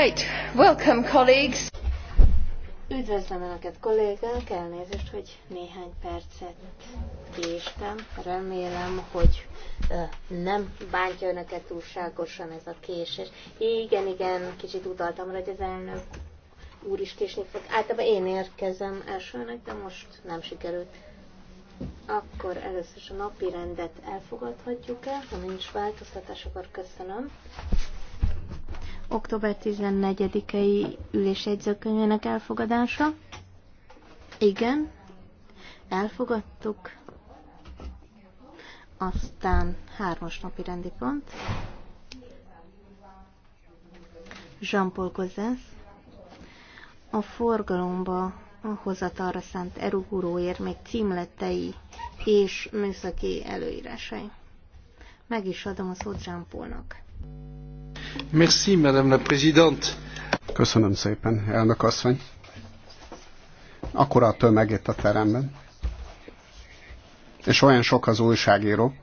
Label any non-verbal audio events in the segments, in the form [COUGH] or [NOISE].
Right, welcome colleagues. Üdvözlöm Önöket, kollégák, elnézést, hogy néhány percet késtem. Remélem, hogy nem bántja Önöket túlságosan ez a késés. Igen, igen, kicsit utaltam rá, hogy az elnök úr is késni fog. Általában én érkezem elsőnek, de most nem sikerült. Akkor először is a napi rendet elfogadhatjuk e ha nincs változtatás, akkor köszönöm október 14-i ülés jegyzőkönyvének elfogadása. Igen, elfogadtuk. Aztán hármas napi rendi pont. Jean-Paul Gozes. a forgalomba a hozatalra szánt eruhúróért még címletei és műszaki előírásai. Meg is adom a szót Jean-Paulnak. Merci, Madame la Présidente. Köszönöm szépen, elnök asszony. Akkora a tömeg itt a teremben. És olyan sok az újságíró.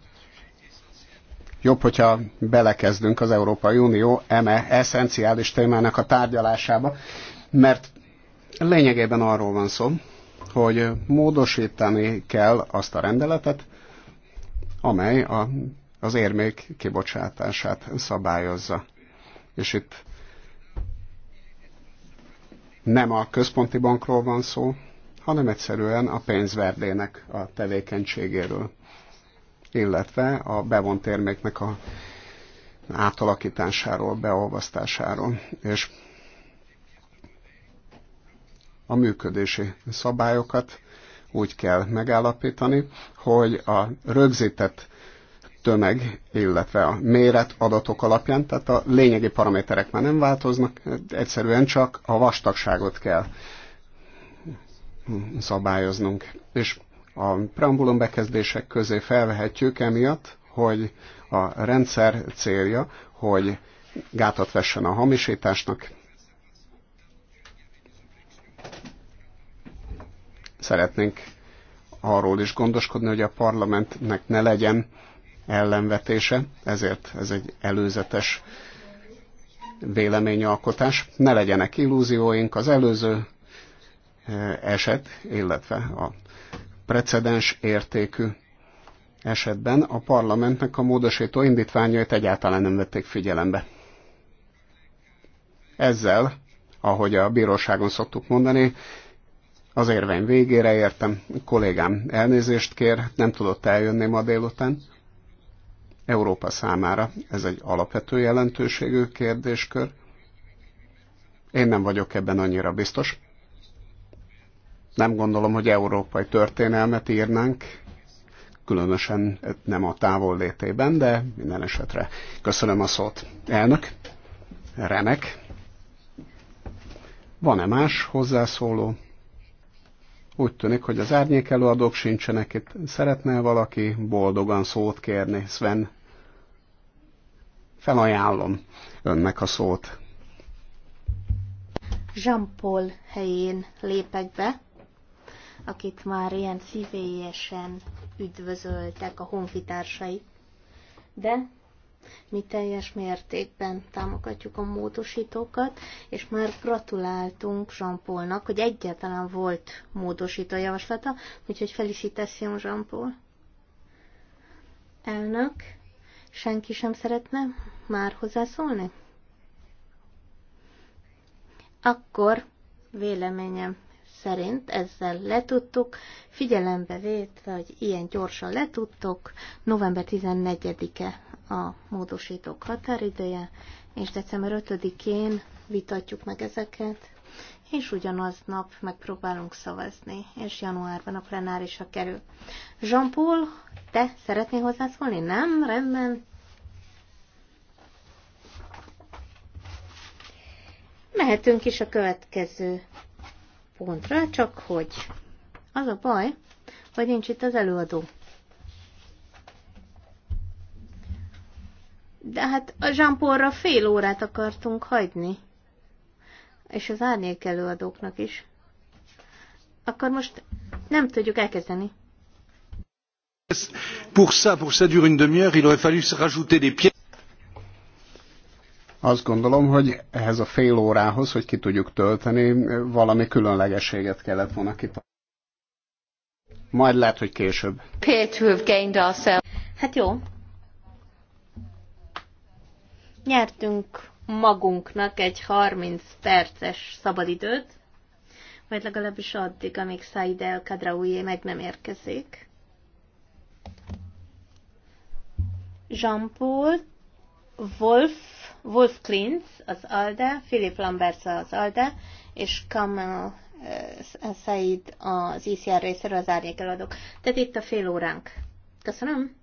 Jobb, hogyha belekezdünk az Európai Unió eme eszenciális témának a tárgyalásába, mert lényegében arról van szó, hogy módosítani kell azt a rendeletet, amely a, az érmék kibocsátását szabályozza és itt nem a központi bankról van szó, hanem egyszerűen a pénzverdének a tevékenységéről, illetve a bevont érméknek a átalakításáról, beolvasztásáról. És a működési szabályokat úgy kell megállapítani, hogy a rögzített tömeg, illetve a méret adatok alapján, tehát a lényegi paraméterek már nem változnak, egyszerűen csak a vastagságot kell szabályoznunk. És a preambulum bekezdések közé felvehetjük emiatt, hogy a rendszer célja, hogy gátat vessen a hamisításnak. Szeretnénk arról is gondoskodni, hogy a parlamentnek ne legyen ellenvetése, ezért ez egy előzetes véleményalkotás. Ne legyenek illúzióink, az előző eh, eset, illetve a precedens értékű esetben a parlamentnek a módosító indítványait egyáltalán nem vették figyelembe. Ezzel, ahogy a bíróságon szoktuk mondani, az érvény végére értem, kollégám elnézést kér, nem tudott eljönni ma délután, Európa számára ez egy alapvető jelentőségű kérdéskör. Én nem vagyok ebben annyira biztos. Nem gondolom, hogy európai történelmet írnánk, különösen nem a távol létében, de minden esetre köszönöm a szót. Elnök, remek. Van-e más hozzászóló? Úgy tűnik, hogy az árnyék előadók sincsenek itt. Szeretne valaki boldogan szót kérni? Sven, Felajánlom önnek a szót. Jean-Paul helyén lépek be, akit már ilyen szívélyesen üdvözöltek a honfitársai. De mi teljes mértékben támogatjuk a módosítókat, és már gratuláltunk Jean-Paulnak, hogy egyáltalán volt módosító javaslata, úgyhogy felicitációm Jean-Paul. Elnök, Senki sem szeretne már hozzászólni? Akkor véleményem szerint ezzel letudtuk, figyelembe vétve, hogy ilyen gyorsan letudtuk, november 14-e a módosítók határidője, és december 5-én vitatjuk meg ezeket és nap megpróbálunk szavazni, és januárban a plenárisra kerül. Jean-Paul, te szeretnél hozzászólni? Nem? Rendben. Mehetünk is a következő pontra, csak hogy az a baj, hogy nincs itt az előadó. De hát a Jean-Paulra fél órát akartunk hagyni és az árnyék előadóknak is, akkor most nem tudjuk elkezdeni. Pour ça, pour ça dure une demi-heure, il aurait fallu se rajouter des pièces. Azt gondolom, hogy ehhez a fél órához, hogy ki tudjuk tölteni, valami különlegességet kellett volna kitalálni. Majd lehet, hogy később. Hát jó. Nyertünk magunknak egy 30 perces szabadidőt, vagy legalábbis addig, amíg Said el Kadraújé meg nem érkezik. Jean-Paul, Wolf, Wolf Klintz az ALDE, Philip Lambert az ALDE, és Kamel uh, eh, Said az ICR részéről az árnyék eladók. Tehát itt a fél óránk. Köszönöm.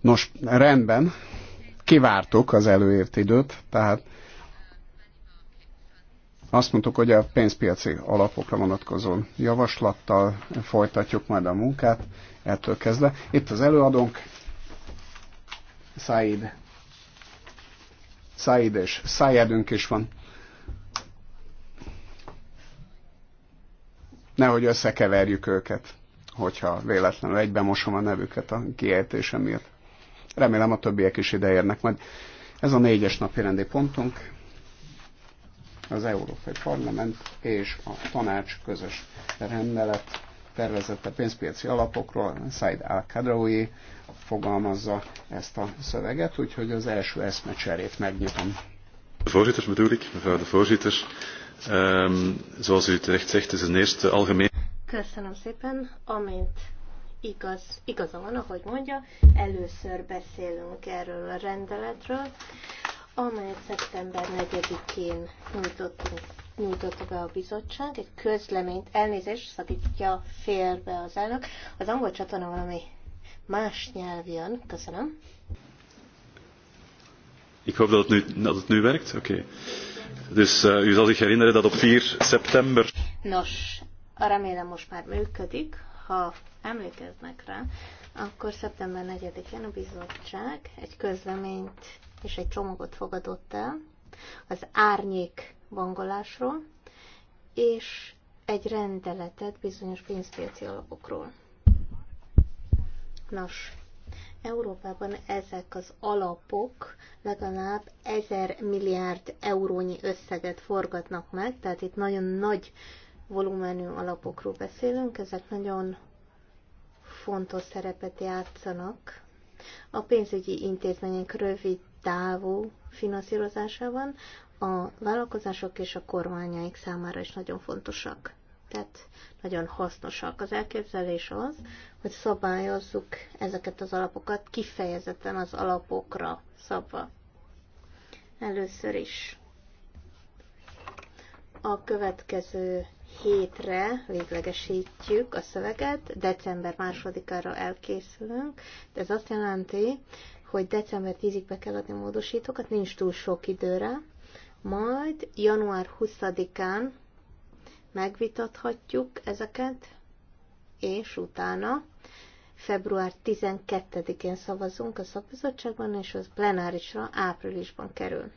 Nos, rendben. Kivártuk az előírt időt, tehát azt mondtuk, hogy a pénzpiaci alapokra vonatkozó javaslattal folytatjuk majd a munkát, ettől kezdve. Itt az előadónk, Said. Said és Sayedünk is van. nehogy összekeverjük őket, hogyha véletlenül egyben mosom a nevüket a kiejtésem miatt. Remélem a többiek is ideérnek majd. Ez a négyes napi rendi pontunk, az Európai Parlament és a tanács közös rendelet tervezette pénzpiaci alapokról, Said al kadraoui fogalmazza ezt a szöveget, úgyhogy az első eszmecserét megnyitom. voorzitter bedoel ik, mevrouw de voorzitter. Um, zoals u terecht zegt, is een eerste algemeen... Köszönöm szépen, amint igaz, igaza van, ahogy mondja, először beszélünk erről a rendeletről, amelyet szeptember 4-én nyújtottunk, nyújtottuk be a bizottság, egy közleményt, elnézést szakítja félbe az elnök. Az angol csatorna valami más nyelv jön, köszönöm. Ik hoop dat het nu, dat het nu werkt, oké. Okay. Dus uh, u zal zich herinneren dat op 4 september... Nos, remélem most már működik. Ha emlékeznek rá, akkor szeptember 4-én a bizottság egy közleményt és egy csomagot fogadott el az árnyék bangolásról, és egy rendeletet bizonyos pénzpiaci alapokról. Nos, Európában ezek az alapok legalább 1000 milliárd eurónyi összeget forgatnak meg, tehát itt nagyon nagy volumenű alapokról beszélünk, ezek nagyon fontos szerepet játszanak a pénzügyi intézmények rövid távú finanszírozásában, a vállalkozások és a kormányaik számára is nagyon fontosak. Tehát nagyon hasznosak. Az elképzelés az, hogy szabályozzuk ezeket az alapokat kifejezetten az alapokra szabva. Először is a következő hétre véglegesítjük a szöveget, december másodikára elkészülünk. de Ez azt jelenti, hogy december 10-ig be kell adni a módosítókat, nincs túl sok időre, majd január 20-án megvitathatjuk ezeket, és utána február 12-én szavazunk a szakbizottságban, és az plenárisra áprilisban kerül.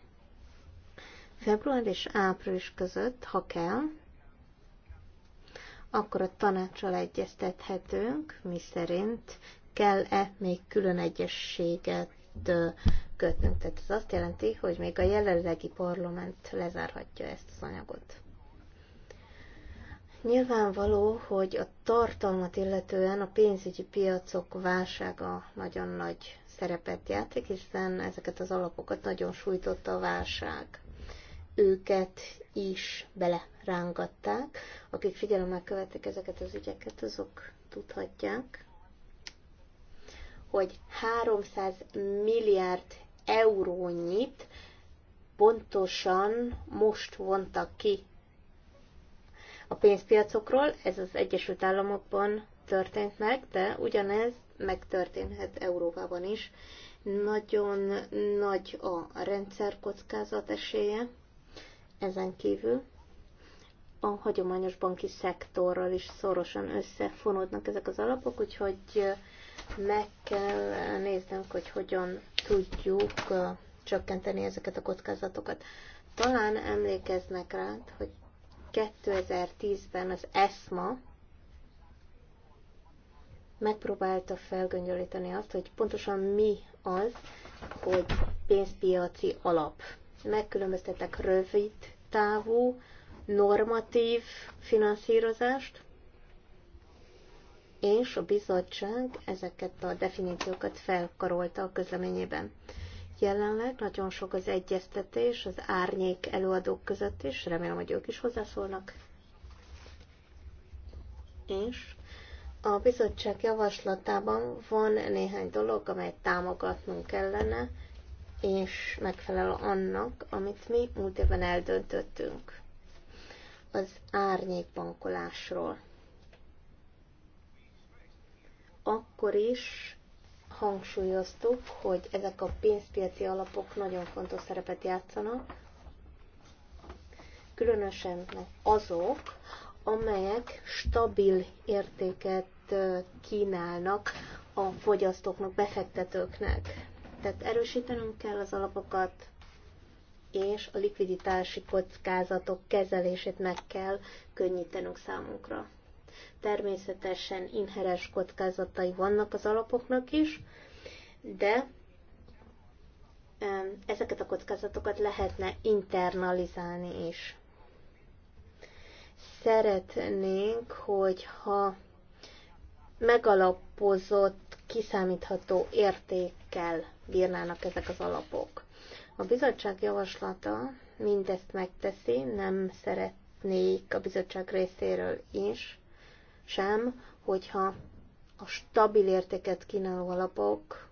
Február és április között, ha kell, akkor a tanácsal egyeztethetünk, mi szerint kell-e még külön egyességet kötnünk. Tehát ez azt jelenti, hogy még a jelenlegi parlament lezárhatja ezt az anyagot. Nyilvánvaló, hogy a tartalmat illetően a pénzügyi piacok válsága nagyon nagy szerepet játszik, hiszen ezeket az alapokat nagyon sújtotta a válság. Őket is belerángatták. Akik figyelemmel követik ezeket az ügyeket, azok tudhatják, hogy 300 milliárd eurónyit pontosan most vontak ki a pénzpiacokról. Ez az Egyesült Államokban történt meg, de ugyanez megtörténhet Európában is. Nagyon nagy a rendszerkockázat esélye ezen kívül a hagyományos banki szektorral is szorosan összefonódnak ezek az alapok, úgyhogy meg kell néznünk, hogy hogyan tudjuk csökkenteni ezeket a kockázatokat. Talán emlékeznek rá, hogy 2010-ben az ESMA megpróbálta felgöngyölíteni azt, hogy pontosan mi az, hogy pénzpiaci alap. Megkülönböztettek rövid távú, normatív finanszírozást, és a bizottság ezeket a definíciókat felkarolta a közleményében. Jelenleg nagyon sok az egyeztetés az árnyék előadók között is, remélem, hogy ők is hozzászólnak. És a bizottság javaslatában van néhány dolog, amelyet támogatnunk kellene, és megfelel annak, amit mi múlt évben eldöntöttünk az árnyékbankolásról. Akkor is, hangsúlyoztuk, hogy ezek a pénzpiaci alapok nagyon fontos szerepet játszanak, különösen azok, amelyek stabil értéket kínálnak a fogyasztóknak, befektetőknek. Tehát erősítenünk kell az alapokat, és a likviditási kockázatok kezelését meg kell könnyítenünk számunkra. Természetesen inheres kockázatai vannak az alapoknak is, de ezeket a kockázatokat lehetne internalizálni is. Szeretnénk, hogyha megalapozott, kiszámítható értékkel bírnának ezek az alapok. A bizottság javaslata mindezt megteszi, nem szeretnék a bizottság részéről is sem, hogyha a stabil értéket kínáló alapok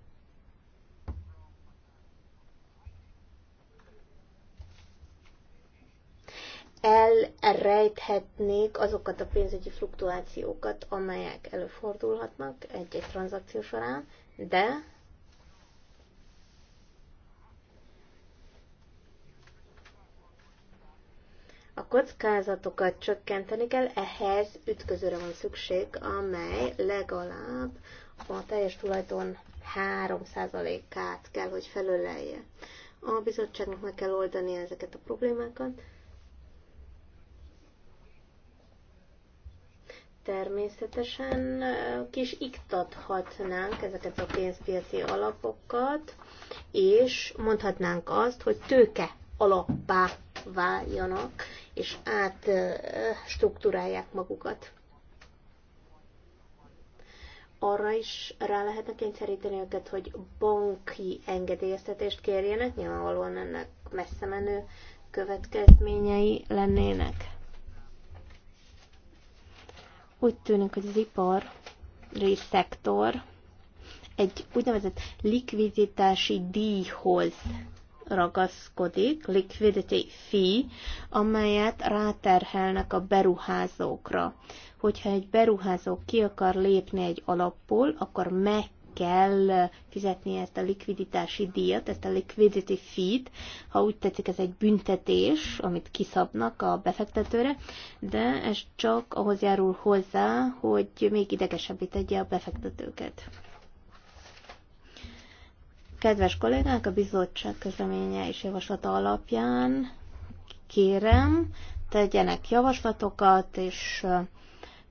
elrejthetnék azokat a pénzügyi fluktuációkat, amelyek előfordulhatnak egy-egy tranzakció során, de kockázatokat csökkenteni kell, ehhez ütközőre van szükség, amely legalább a teljes tulajdon 3%-át kell, hogy felölelje. A bizottságnak meg kell oldani ezeket a problémákat. Természetesen kis iktathatnánk ezeket a pénzpiaci alapokat, és mondhatnánk azt, hogy tőke alappá váljanak, és átstruktúrálják magukat. Arra is rá lehetne kényszeríteni őket, hogy banki engedélyeztetést kérjenek, nyilvánvalóan ennek messze menő következményei lennének. Úgy tűnik, hogy az ipar részszektor egy úgynevezett likviditási díjhoz ragaszkodik, liquidity fee, amelyet ráterhelnek a beruházókra. Hogyha egy beruházó ki akar lépni egy alapból, akkor meg kell fizetni ezt a likviditási díjat, ezt a liquidity fee-t. Ha úgy tetszik, ez egy büntetés, amit kiszabnak a befektetőre, de ez csak ahhoz járul hozzá, hogy még idegesebbé tegye a befektetőket. Kedves kollégák, a bizottság közleménye és javaslata alapján kérem, tegyenek javaslatokat, és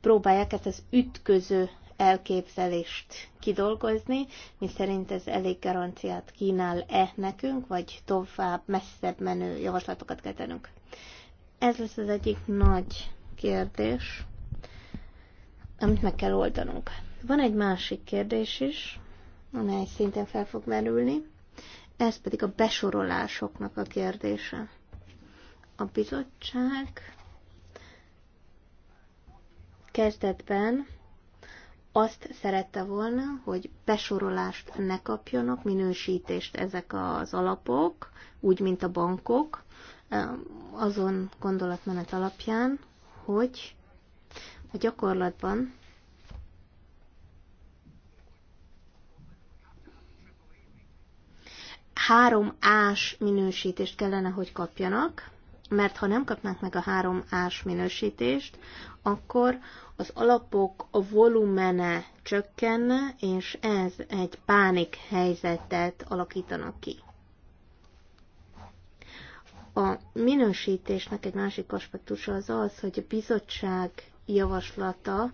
próbálják ezt az ütköző elképzelést kidolgozni, mi szerint ez elég garanciát kínál-e nekünk, vagy tovább messzebb menő javaslatokat kell tennünk. Ez lesz az egyik nagy kérdés, amit meg kell oldanunk. Van egy másik kérdés is, amely szintén fel fog merülni. Ez pedig a besorolásoknak a kérdése. A bizottság kezdetben azt szerette volna, hogy besorolást ne kapjanak, minősítést ezek az alapok, úgy, mint a bankok, azon gondolatmenet alapján, hogy a gyakorlatban három ás minősítést kellene, hogy kapjanak, mert ha nem kapnak meg a három ás minősítést, akkor az alapok a volumene csökkenne, és ez egy pánik helyzetet alakítanak ki. A minősítésnek egy másik aspektusa az az, hogy a bizottság javaslata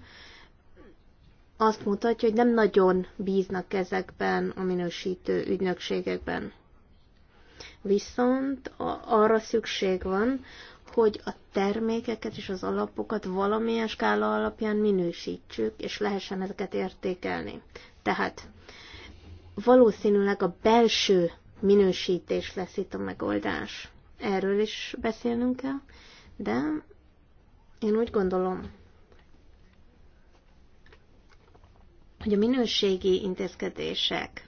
azt mutatja, hogy nem nagyon bíznak ezekben a minősítő ügynökségekben. Viszont arra szükség van, hogy a termékeket és az alapokat valamilyen skála alapján minősítsük, és lehessen ezeket értékelni. Tehát valószínűleg a belső minősítés lesz itt a megoldás. Erről is beszélnünk kell, de én úgy gondolom, hogy a minőségi intézkedések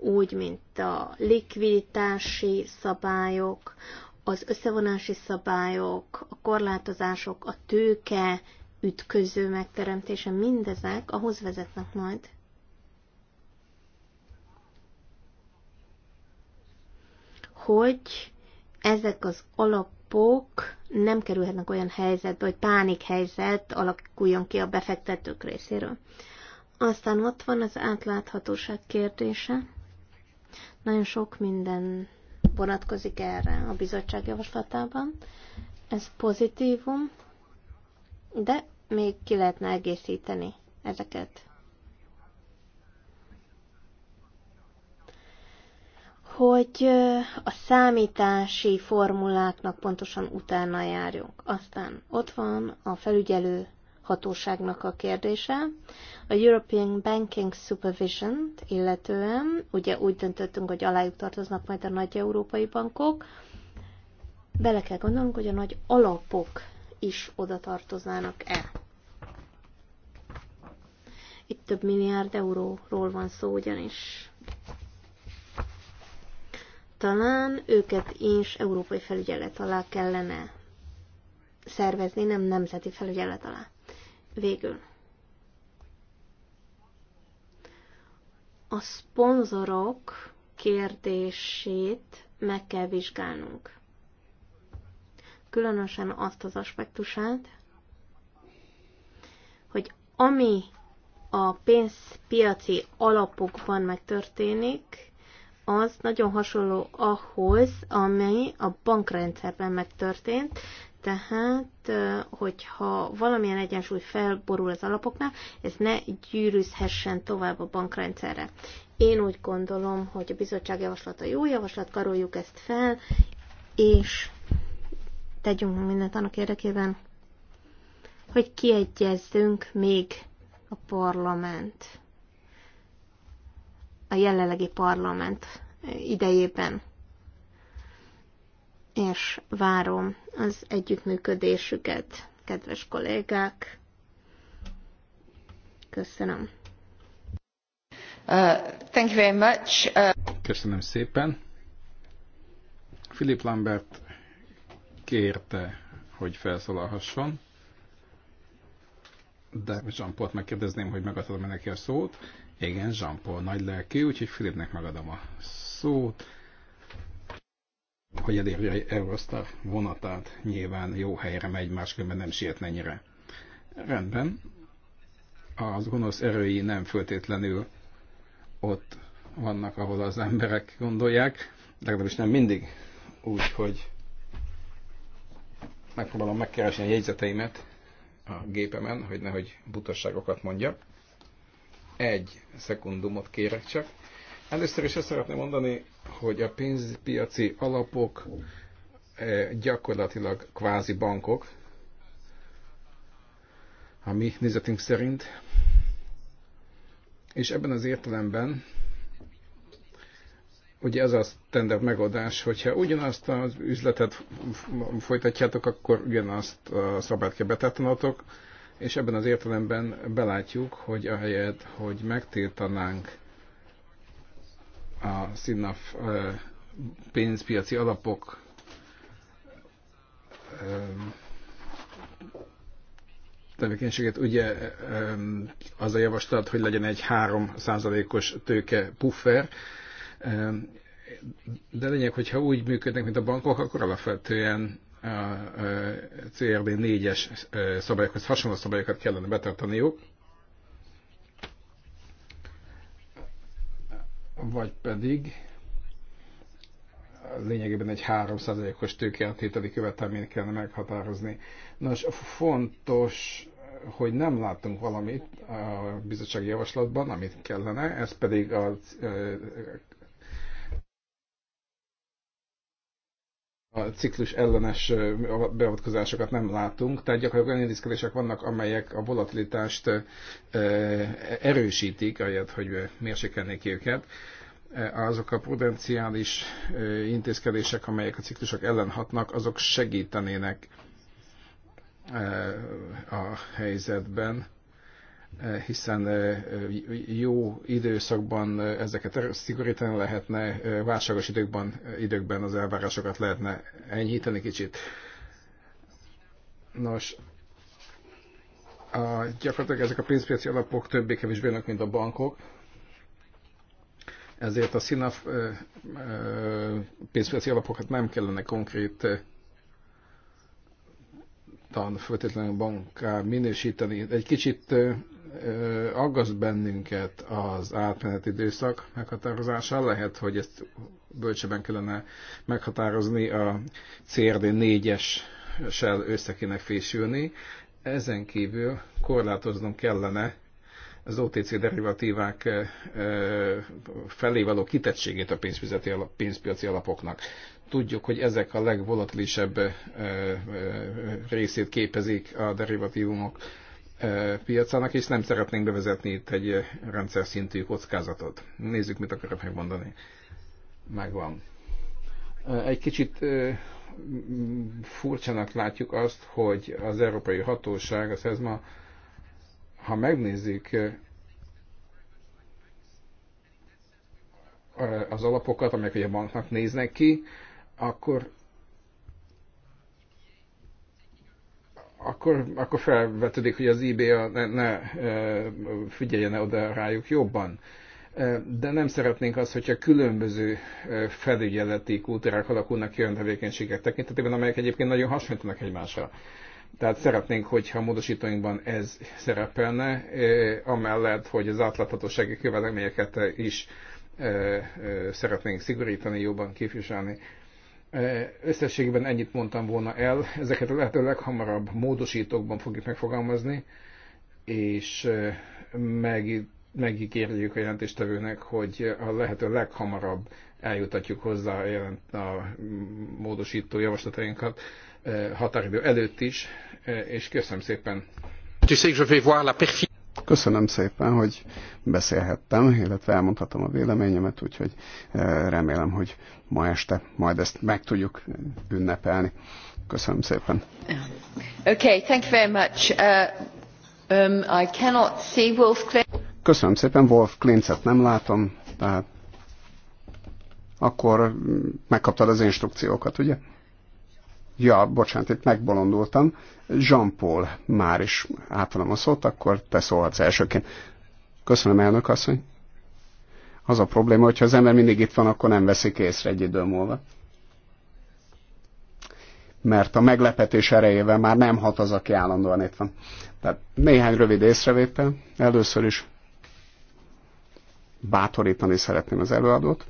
úgy, mint a likviditási szabályok, az összevonási szabályok, a korlátozások, a tőke ütköző megteremtése, mindezek ahhoz vezetnek majd, hogy ezek az alapok nem kerülhetnek olyan helyzetbe, hogy helyzet alakuljon ki a befektetők részéről. Aztán ott van az átláthatóság kérdése. Nagyon sok minden vonatkozik erre a bizottság javaslatában. Ez pozitívum, de még ki lehetne egészíteni ezeket. hogy a számítási formuláknak pontosan utána járjunk. Aztán ott van a felügyelő hatóságnak a kérdése. A European Banking supervision illetően, ugye úgy döntöttünk, hogy alájuk tartoznak majd a nagy európai bankok, bele kell gondolnunk, hogy a nagy alapok is oda tartoznának-e. Itt több milliárd euróról van szó ugyanis. Talán őket is európai felügyelet alá kellene szervezni, nem nemzeti felügyelet alá. Végül. A szponzorok kérdését meg kell vizsgálnunk. Különösen azt az aspektusát, hogy ami a pénzpiaci alapokban megtörténik, az nagyon hasonló ahhoz, ami a bankrendszerben megtörtént, tehát, hogyha valamilyen egyensúly felborul az alapoknál, ez ne gyűrűzhessen tovább a bankrendszerre. Én úgy gondolom, hogy a bizottság javaslata jó javaslat, karoljuk ezt fel, és tegyünk mindent annak érdekében, hogy kiegyezzünk még a parlament, a jelenlegi parlament idejében. És várom az együttműködésüket, kedves kollégák. Köszönöm. Uh, thank you very much. Uh... Köszönöm szépen. Philip Lambert kérte, hogy felszólalhasson, de jean paul megkérdezném, hogy megadhatom neki a szót. Igen, Jean-Paul nagy lelkű, úgyhogy Philipnek megadom a szót hogy elérje egy Eurostar vonatát, nyilván jó helyre megy, máskülönben nem sietne ennyire. Rendben, az gonosz erői nem föltétlenül ott vannak, ahol az emberek gondolják, legalábbis nem mindig, úgyhogy megpróbálom megkeresni a jegyzeteimet a gépemen, hogy nehogy butasságokat mondjak. Egy szekundumot kérek csak. Először is azt szeretném mondani, hogy a pénzpiaci alapok eh, gyakorlatilag kvázi bankok, a mi nézetünk szerint. És ebben az értelemben ugye ez a standard megoldás, hogyha ugyanazt az üzletet folytatjátok, akkor ugyanazt a szabát kell betartanatok, és ebben az értelemben belátjuk, hogy ahelyett, hogy megtiltanánk a színaf pénzpiaci alapok tevékenységet. Ugye az a javaslat, hogy legyen egy 3%-os tőke puffer, de lényeg, hogyha úgy működnek, mint a bankok, akkor alapvetően a CRD 4-es szabályokhoz hasonló szabályokat kellene betartaniuk. vagy pedig lényegében egy 3%-os tőkeáttételi követelményt kellene meghatározni. Nos, fontos, hogy nem látunk valamit a bizottsági javaslatban, amit kellene, ez pedig a a ciklus ellenes beavatkozásokat nem látunk, tehát gyakorlatilag olyan intézkedések vannak, amelyek a volatilitást erősítik, ahelyett, hogy mérsékelnék őket. Azok a prudenciális intézkedések, amelyek a ciklusok ellen hatnak, azok segítenének a helyzetben hiszen jó időszakban ezeket er-, szigorítani lehetne, válságos időkben, időkben az elvárásokat lehetne enyhíteni kicsit. Nos, a, gyakorlatilag ezek a pénzpiaci alapok többé-kevésbé önök, mint a bankok, ezért a SINAF pénzpiaci alapokat nem kellene konkrét tan feltétlenül banká minősíteni. Egy kicsit aggaszt bennünket az átmeneti időszak meghatározása. Lehet, hogy ezt bölcsebben kellene meghatározni, a CRD 4-essel össze kéne fésülni. Ezen kívül korlátoznom kellene az OTC derivatívák felé való kitettségét a pénzpiaci alapoknak. Tudjuk, hogy ezek a legvolatilisebb részét képezik a derivatívumok piacának, és nem szeretnénk bevezetni itt egy rendszer szintű kockázatot. Nézzük, mit akarok megmondani. Megvan. Egy kicsit furcsának látjuk azt, hogy az Európai Hatóság, a SESMA, ha megnézzük az alapokat, amelyek a banknak néznek ki, akkor akkor, akkor felvetődik, hogy az IBA ne, ne figyeljen oda rájuk jobban. De nem szeretnénk azt, hogyha különböző felügyeleti kultúrák alakulnak ki olyan tevékenységek tekintetében, amelyek egyébként nagyon hasonlítanak egymásra. Tehát szeretnénk, hogyha a módosítóinkban ez szerepelne, amellett, hogy az átláthatósági követelményeket is szeretnénk szigorítani, jobban képviselni. Összességében ennyit mondtam volna el, ezeket a lehető leghamarabb módosítókban fogjuk megfogalmazni, és meg, megígérjük a jelentéstevőnek, hogy a lehető leghamarabb eljutatjuk hozzá a, jelent, a módosító javaslatainkat határidő előtt is, és köszönöm szépen. Tu sais que je vais voir la Köszönöm szépen, hogy beszélhettem, illetve elmondhatom a véleményemet, úgyhogy eh, remélem, hogy ma este majd ezt meg tudjuk ünnepelni. Köszönöm szépen. Okay, thank you very much. Uh, um, I cannot see Wolf Klintz. Köszönöm szépen, Wolf Klincet nem látom, tehát akkor mm, megkaptad az instrukciókat, ugye? Ja, bocsánat, itt megbolondultam. Jean-Paul már is átadom a szót, akkor te szólhatsz elsőként. Köszönöm, elnök asszony. Az a probléma, hogyha az ember mindig itt van, akkor nem veszik észre egy idő múlva. Mert a meglepetés erejével már nem hat az, aki állandóan itt van. Tehát néhány rövid észrevétel. Először is bátorítani szeretném az előadót.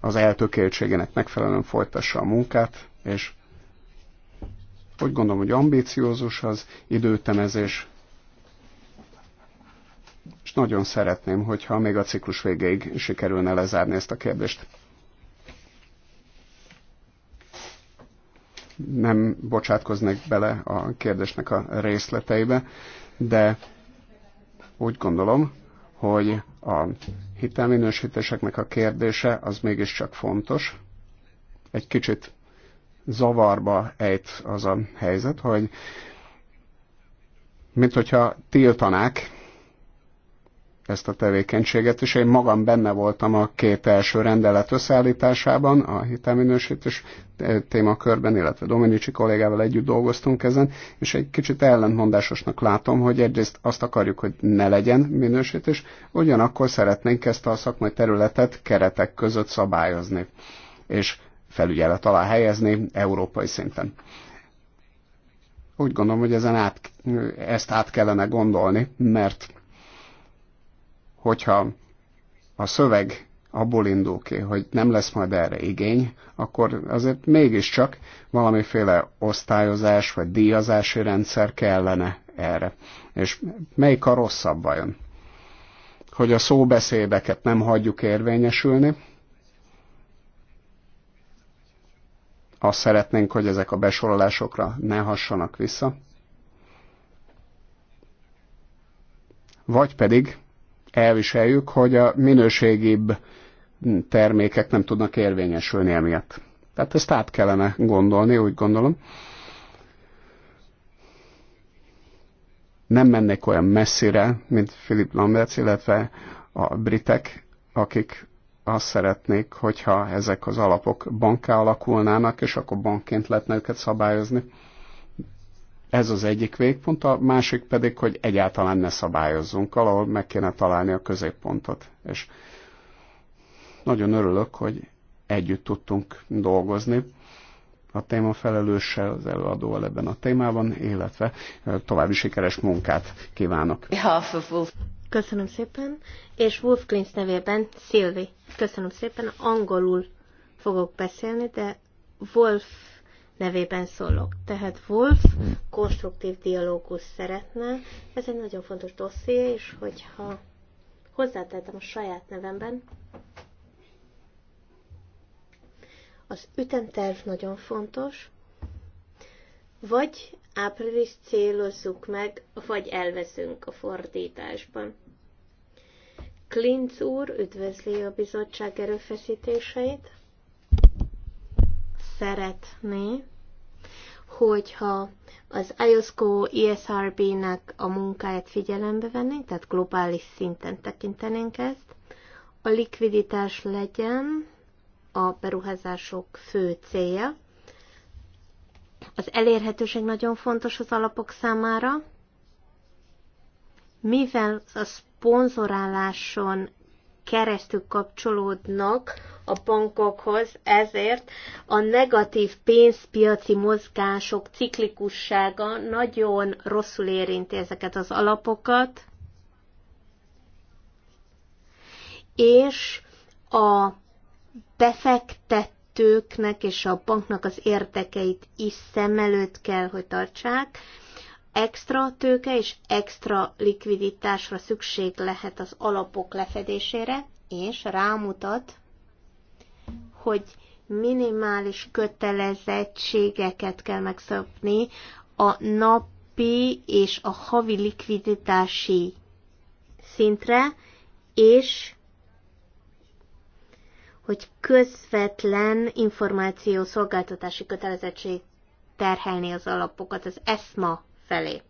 Az eltökéltségének megfelelően folytassa a munkát, és úgy gondolom, hogy ambíciózus az időtemezés, és nagyon szeretném, hogyha még a ciklus végéig sikerülne lezárni ezt a kérdést. Nem bocsátkoznék bele a kérdésnek a részleteibe, de úgy gondolom, hogy a hitelminősítéseknek a kérdése az mégiscsak fontos. Egy kicsit zavarba ejt az a helyzet, hogy mint hogyha tiltanák ezt a tevékenységet, és én magam benne voltam a két első rendelet összeállításában, a hitelminősítés témakörben, illetve Dominici kollégával együtt dolgoztunk ezen, és egy kicsit ellentmondásosnak látom, hogy egyrészt azt akarjuk, hogy ne legyen minősítés, ugyanakkor szeretnénk ezt a szakmai területet keretek között szabályozni. És felügyelet alá helyezni európai szinten. Úgy gondolom, hogy ezen át, ezt át kellene gondolni, mert hogyha a szöveg abból indul ki, hogy nem lesz majd erre igény, akkor azért mégiscsak valamiféle osztályozás vagy díjazási rendszer kellene erre. És melyik a rosszabb vajon? Hogy a szóbeszédeket nem hagyjuk érvényesülni, Azt szeretnénk, hogy ezek a besorolásokra ne hassanak vissza. Vagy pedig elviseljük, hogy a minőségibb termékek nem tudnak érvényesülni emiatt. Tehát ezt át kellene gondolni, úgy gondolom. Nem mennék olyan messzire, mint Philip Lambert, illetve a britek, akik azt szeretnék, hogyha ezek az alapok banká alakulnának, és akkor bankként lehetne őket szabályozni. Ez az egyik végpont, a másik pedig, hogy egyáltalán ne szabályozzunk, ahol meg kéne találni a középpontot. És nagyon örülök, hogy együtt tudtunk dolgozni a téma felelőssel, az előadóval ebben a témában, illetve további sikeres munkát kívánok. Köszönöm szépen, és Wolf Klintz nevében Szilvi. Köszönöm szépen, angolul fogok beszélni, de Wolf nevében szólok. Tehát Wolf konstruktív dialógus szeretne, ez egy nagyon fontos dosszié, és hogyha hozzátettem a saját nevemben, az ütemterv nagyon fontos, vagy április célozzuk meg, vagy elveszünk a fordításban. Klinc úr üdvözli a bizottság erőfeszítéseit. Szeretné, hogyha az IOSCO ESRB-nek a munkáját figyelembe vennénk, tehát globális szinten tekintenénk ezt, a likviditás legyen a beruházások fő célja. Az elérhetőség nagyon fontos az alapok számára, mivel az szponzoráláson keresztül kapcsolódnak a bankokhoz, ezért a negatív pénzpiaci mozgások ciklikussága nagyon rosszul érinti ezeket az alapokat, és a befektetőknek és a banknak az érdekeit is szem előtt kell, hogy tartsák, extra tőke és extra likviditásra szükség lehet az alapok lefedésére, és rámutat, hogy minimális kötelezettségeket kell megszabni a napi és a havi likviditási szintre, és hogy közvetlen információ szolgáltatási kötelezettség terhelni az alapokat. Az ESMA felé.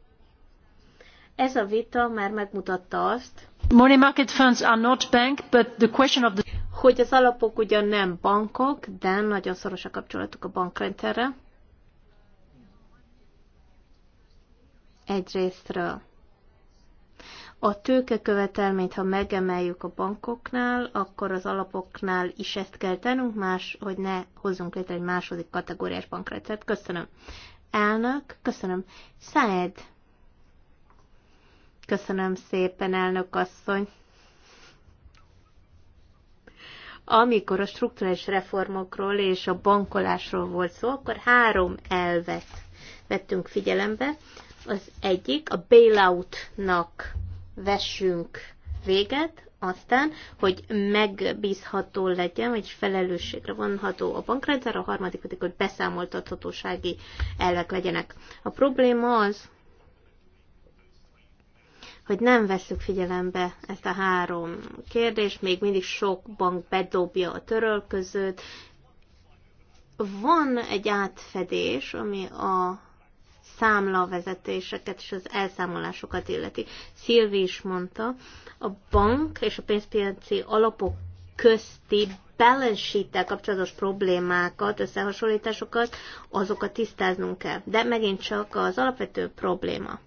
Ez a vita már megmutatta azt, Money market funds are not bank, but the question of the... hogy az alapok ugyan nem bankok, de nagyon szoros a kapcsolatuk a bankrendszerre. Egyrésztről. A tőkekövetelményt, ha megemeljük a bankoknál, akkor az alapoknál is ezt kell tennünk, más, hogy ne hozzunk létre egy második kategóriás bankrendszert. Köszönöm. Elnök, köszönöm. Száed. Köszönöm szépen, elnök asszony. Amikor a struktúrális reformokról és a bankolásról volt szó, akkor három elvet vettünk figyelembe. Az egyik, a bailoutnak vessünk véget, aztán, hogy megbízható legyen, vagy felelősségre vonható a bankrendszer, a harmadik pedig, hogy beszámoltathatósági elvek legyenek. A probléma az, hogy nem veszük figyelembe ezt a három kérdést, még mindig sok bank bedobja a törölközőt. Van egy átfedés, ami a számlavezetéseket és az elszámolásokat illeti. Szilvi is mondta, a bank és a pénzpiaci alapok közti balance kapcsolatos problémákat, összehasonlításokat, azokat tisztáznunk kell. De megint csak az alapvető probléma.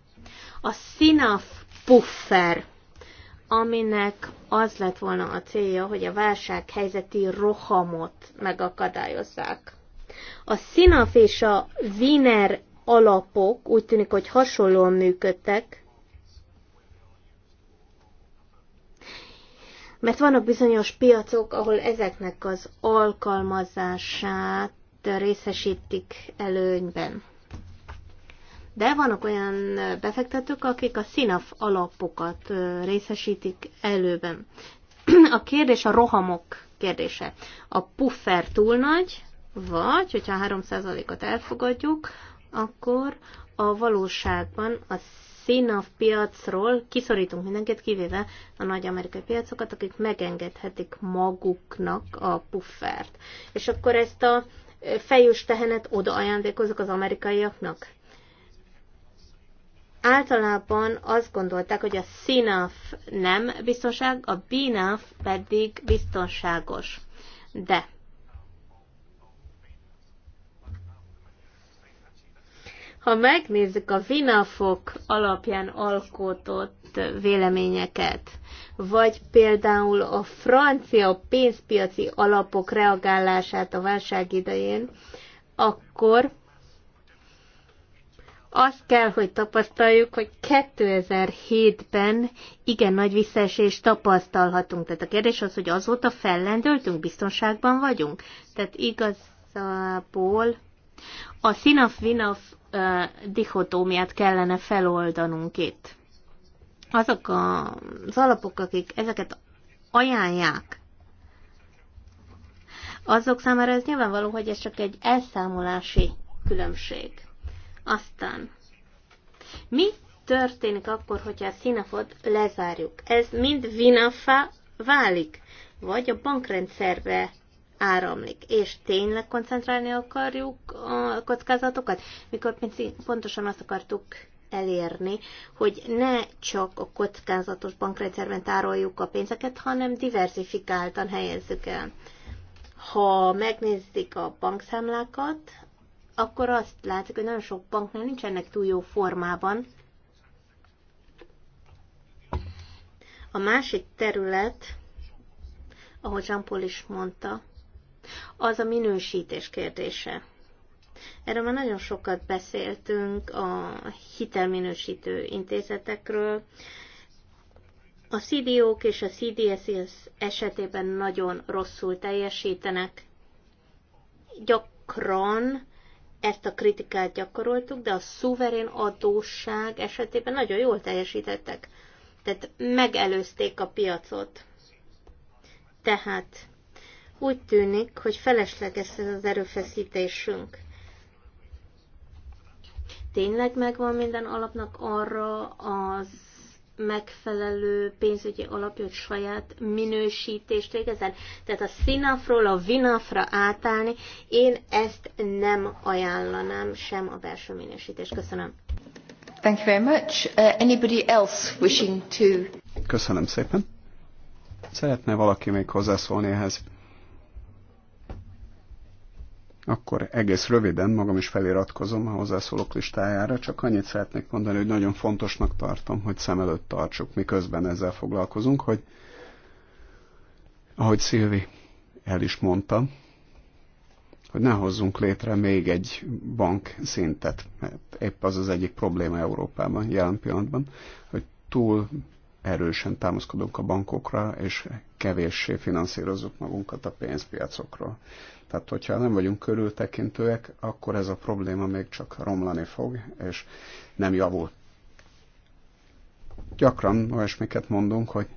A SINAF puffer, aminek az lett volna a célja, hogy a helyzeti rohamot megakadályozzák. A SINAF és a Wiener alapok úgy tűnik, hogy hasonlóan működtek, mert vannak bizonyos piacok, ahol ezeknek az alkalmazását részesítik előnyben. De vannak olyan befektetők, akik a színaf alapokat részesítik előben. [CLEARS THROAT] A kérdés a rohamok kérdése. A puffer túl nagy, vagy, hogyha 3%-ot elfogadjuk, akkor a valóságban a színav piacról kiszorítunk mindenkit, kivéve a nagy amerikai piacokat, akik megengedhetik maguknak a puffert. És akkor ezt a fejős tehenet oda ajándékozok az amerikaiaknak. Általában azt gondolták, hogy a színaf nem biztonság, a bínaf pedig biztonságos. De Ha megnézzük a Vinafok alapján alkotott véleményeket, vagy például a francia pénzpiaci alapok reagálását a válság idején, akkor azt kell, hogy tapasztaljuk, hogy 2007-ben igen nagy visszaesést tapasztalhatunk. Tehát a kérdés az, hogy azóta fellendültünk, biztonságban vagyunk. Tehát igazából a SINAF-VINAF uh, dichotómiát kellene feloldanunk itt. Azok a, az alapok, akik ezeket ajánlják, azok számára ez nyilvánvaló, hogy ez csak egy elszámolási különbség. Aztán, mi történik akkor, hogyha a színafot lezárjuk? Ez mind vinafa válik, vagy a bankrendszerbe áramlik, és tényleg koncentrálni akarjuk a kockázatokat, mikor pontosan azt akartuk elérni, hogy ne csak a kockázatos bankrendszerben tároljuk a pénzeket, hanem diversifikáltan helyezzük el. Ha megnézzük a bankszámlákat, akkor azt látszik, hogy nagyon sok banknál nincsenek túl jó formában. A másik terület, ahogy Jean-Paul is mondta, az a minősítés kérdése. Erről már nagyon sokat beszéltünk a hitelminősítő intézetekről. A cdo és a CDS esetében nagyon rosszul teljesítenek. Gyakran ezt a kritikát gyakoroltuk, de a szuverén adósság esetében nagyon jól teljesítettek. Tehát megelőzték a piacot. Tehát úgy tűnik, hogy felesleges ez az erőfeszítésünk. Tényleg megvan minden alapnak arra az megfelelő pénzügyi alapja, hogy saját minősítést végezzen. Tehát a színafról a vinafra átállni, én ezt nem ajánlanám sem a belső minősítést. Köszönöm. Thank you very much. Uh, anybody else wishing to... Köszönöm szépen. Szeretne valaki még hozzászólni ehhez? akkor egész röviden magam is feliratkozom a hozzászólók listájára, csak annyit szeretnék mondani, hogy nagyon fontosnak tartom, hogy szem előtt tartsuk, miközben ezzel foglalkozunk, hogy ahogy Szilvi el is mondta, hogy ne hozzunk létre még egy bank szintet, mert épp az az egyik probléma Európában jelen pillanatban, hogy túl erősen támaszkodunk a bankokra, és kevéssé finanszírozunk magunkat a pénzpiacokról. Tehát, hogyha nem vagyunk körültekintőek, akkor ez a probléma még csak romlani fog, és nem javul. Gyakran olyasmiket mondunk, hogy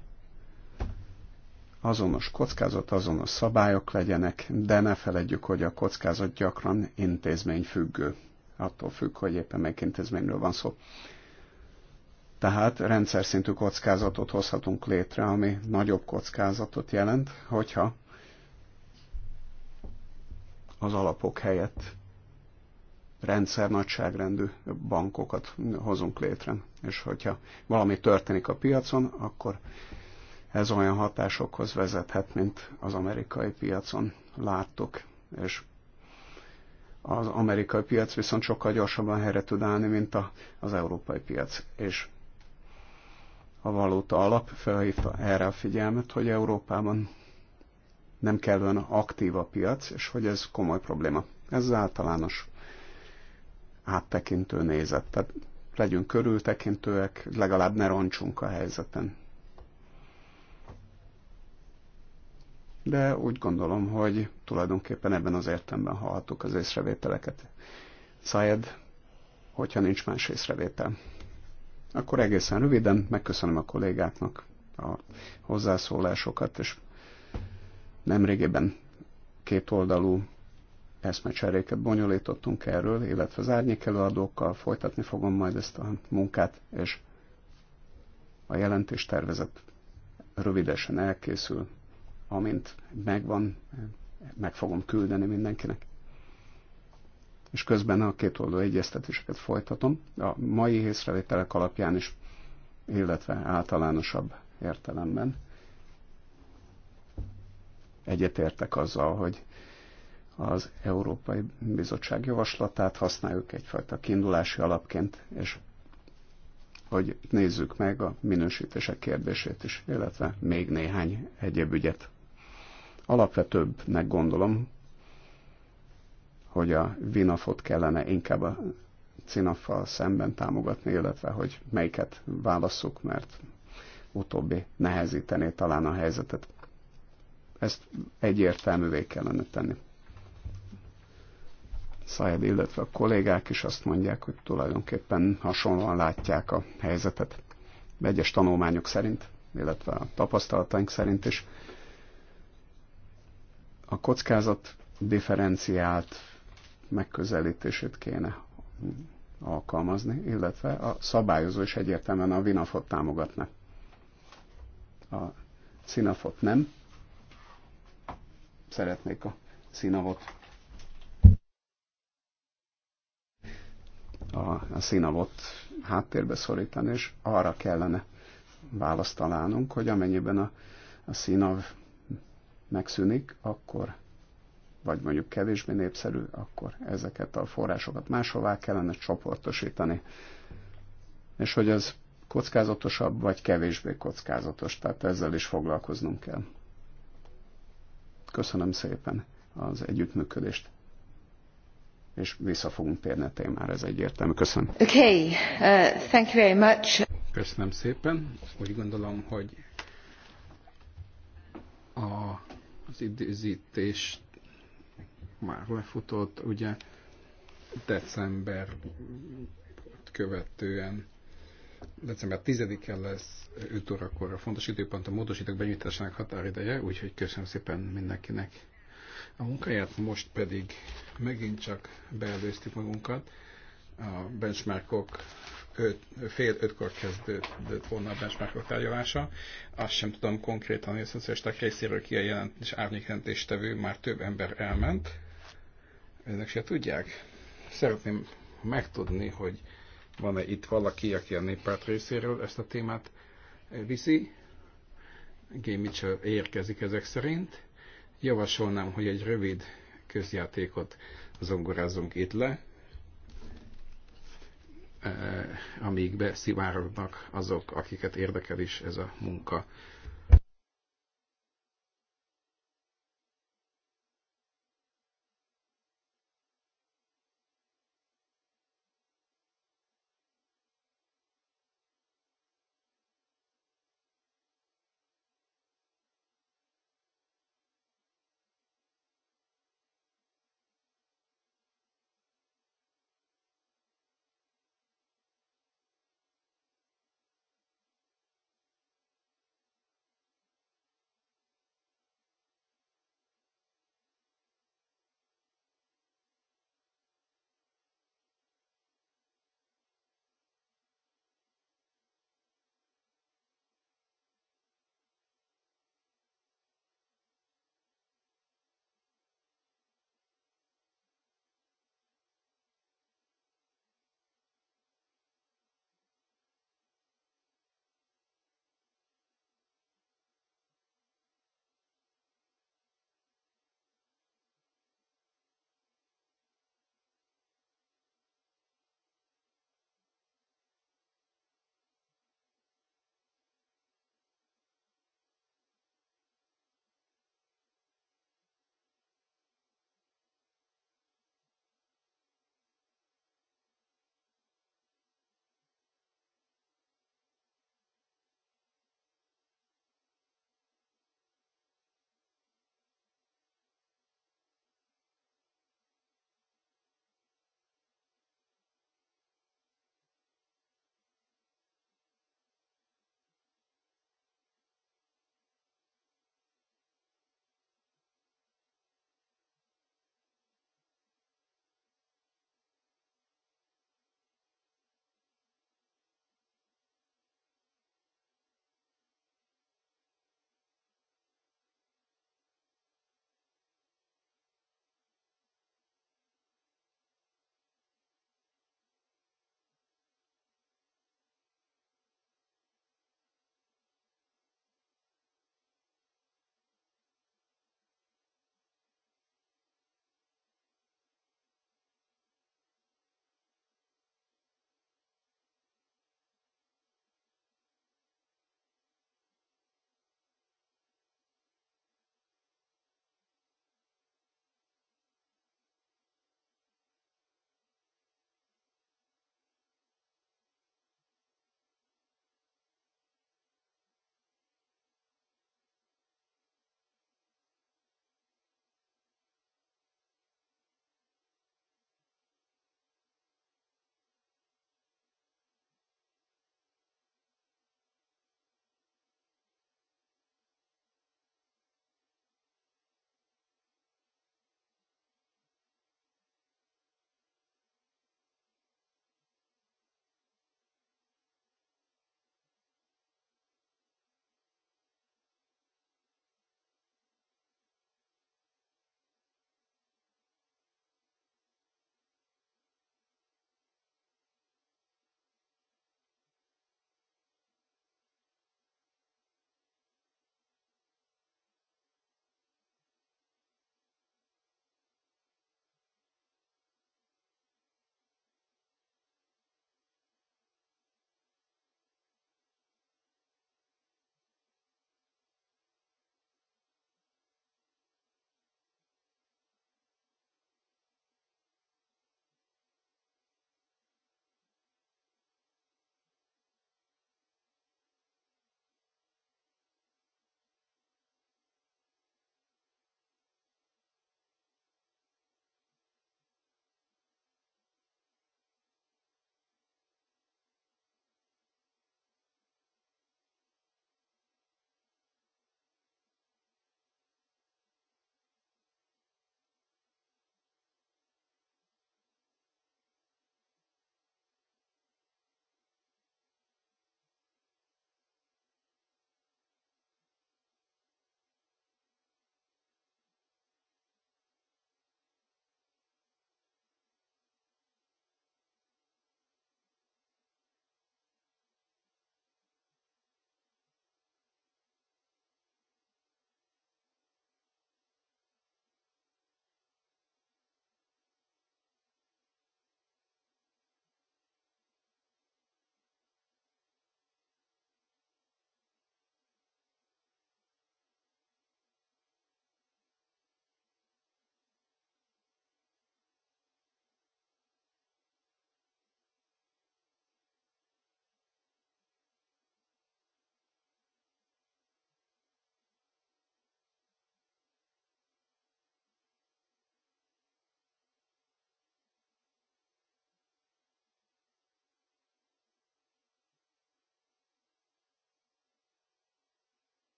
azonos kockázat, azonos szabályok legyenek, de ne feledjük, hogy a kockázat gyakran intézményfüggő. Attól függ, hogy éppen melyik intézményről van szó. Tehát rendszer szintű kockázatot hozhatunk létre, ami nagyobb kockázatot jelent, hogyha az alapok helyett rendszer nagyságrendű bankokat hozunk létre. És hogyha valami történik a piacon, akkor ez olyan hatásokhoz vezethet, mint az amerikai piacon láttuk, és az amerikai piac viszont sokkal gyorsabban helyre tud állni, mint a, az európai piac. És a valóta alap felhívta erre a figyelmet, hogy Európában nem kellően aktív a piac, és hogy ez komoly probléma. Ez az általános áttekintő nézet. Tehát legyünk körültekintőek, legalább ne roncsunk a helyzeten. De úgy gondolom, hogy tulajdonképpen ebben az értemben hallhattuk az észrevételeket. Szájed, hogyha nincs más észrevétel. Akkor egészen röviden megköszönöm a kollégáknak a hozzászólásokat, és Nemrégiben két oldalú eszmecseréket bonyolítottunk erről, illetve az árnyék előadókkal folytatni fogom majd ezt a munkát, és a jelentés tervezet rövidesen elkészül, amint megvan, meg fogom küldeni mindenkinek. És közben a két oldalú egyeztetéseket folytatom, a mai észrevételek alapján is, illetve általánosabb értelemben egyetértek azzal, hogy az Európai Bizottság javaslatát használjuk egyfajta kiindulási alapként, és hogy nézzük meg a minősítések kérdését is, illetve még néhány egyéb ügyet. Alapvetőbbnek gondolom, hogy a vinafot kellene inkább a cinaffal szemben támogatni, illetve hogy melyiket válasszuk, mert utóbbi nehezítené talán a helyzetet. Ezt egyértelművé kellene tenni. Szájed, illetve a kollégák is azt mondják, hogy tulajdonképpen hasonlóan látják a helyzetet. Egyes tanulmányok szerint, illetve a tapasztalataink szerint is. A kockázat differenciált megközelítését kéne alkalmazni, illetve a szabályozó is egyértelműen a vinafot támogatna. A színafot nem, szeretnék a színavot. A, a színavot háttérbe szorítani, és arra kellene választ találnunk, hogy amennyiben a, a színav megszűnik, akkor vagy mondjuk kevésbé népszerű, akkor ezeket a forrásokat máshová kellene csoportosítani. És hogy ez kockázatosabb, vagy kevésbé kockázatos, tehát ezzel is foglalkoznunk kell. Köszönöm szépen az együttműködést. És vissza fogunk térni a témára, ez egyértelmű. Köszönöm. Okay. Uh, thank you very much. Köszönöm szépen. Úgy gondolom, hogy a, az időzítés már lefutott, ugye december követően december 10 en lesz 5 órakor a fontos időpont a módosítók benyújtásának határideje, úgyhogy köszönöm szépen mindenkinek a munkáját. Most pedig megint csak beelőztük magunkat. A benchmarkok öt, fél ötkor kezdődött volna a benchmarkok tárgyalása. Azt sem tudom konkrétan, hogy a szocialisták részéről ki a jelentés, árnyékjelentéstevő, már több ember elment. ezek se tudják. Szeretném megtudni, hogy van-e itt valaki, aki a néppárt részéről ezt a témát viszi. G. Mitchell érkezik ezek szerint. Javasolnám, hogy egy rövid közjátékot zongorázzunk itt le, eh, amíg beszivárognak azok, akiket érdekel is ez a munka.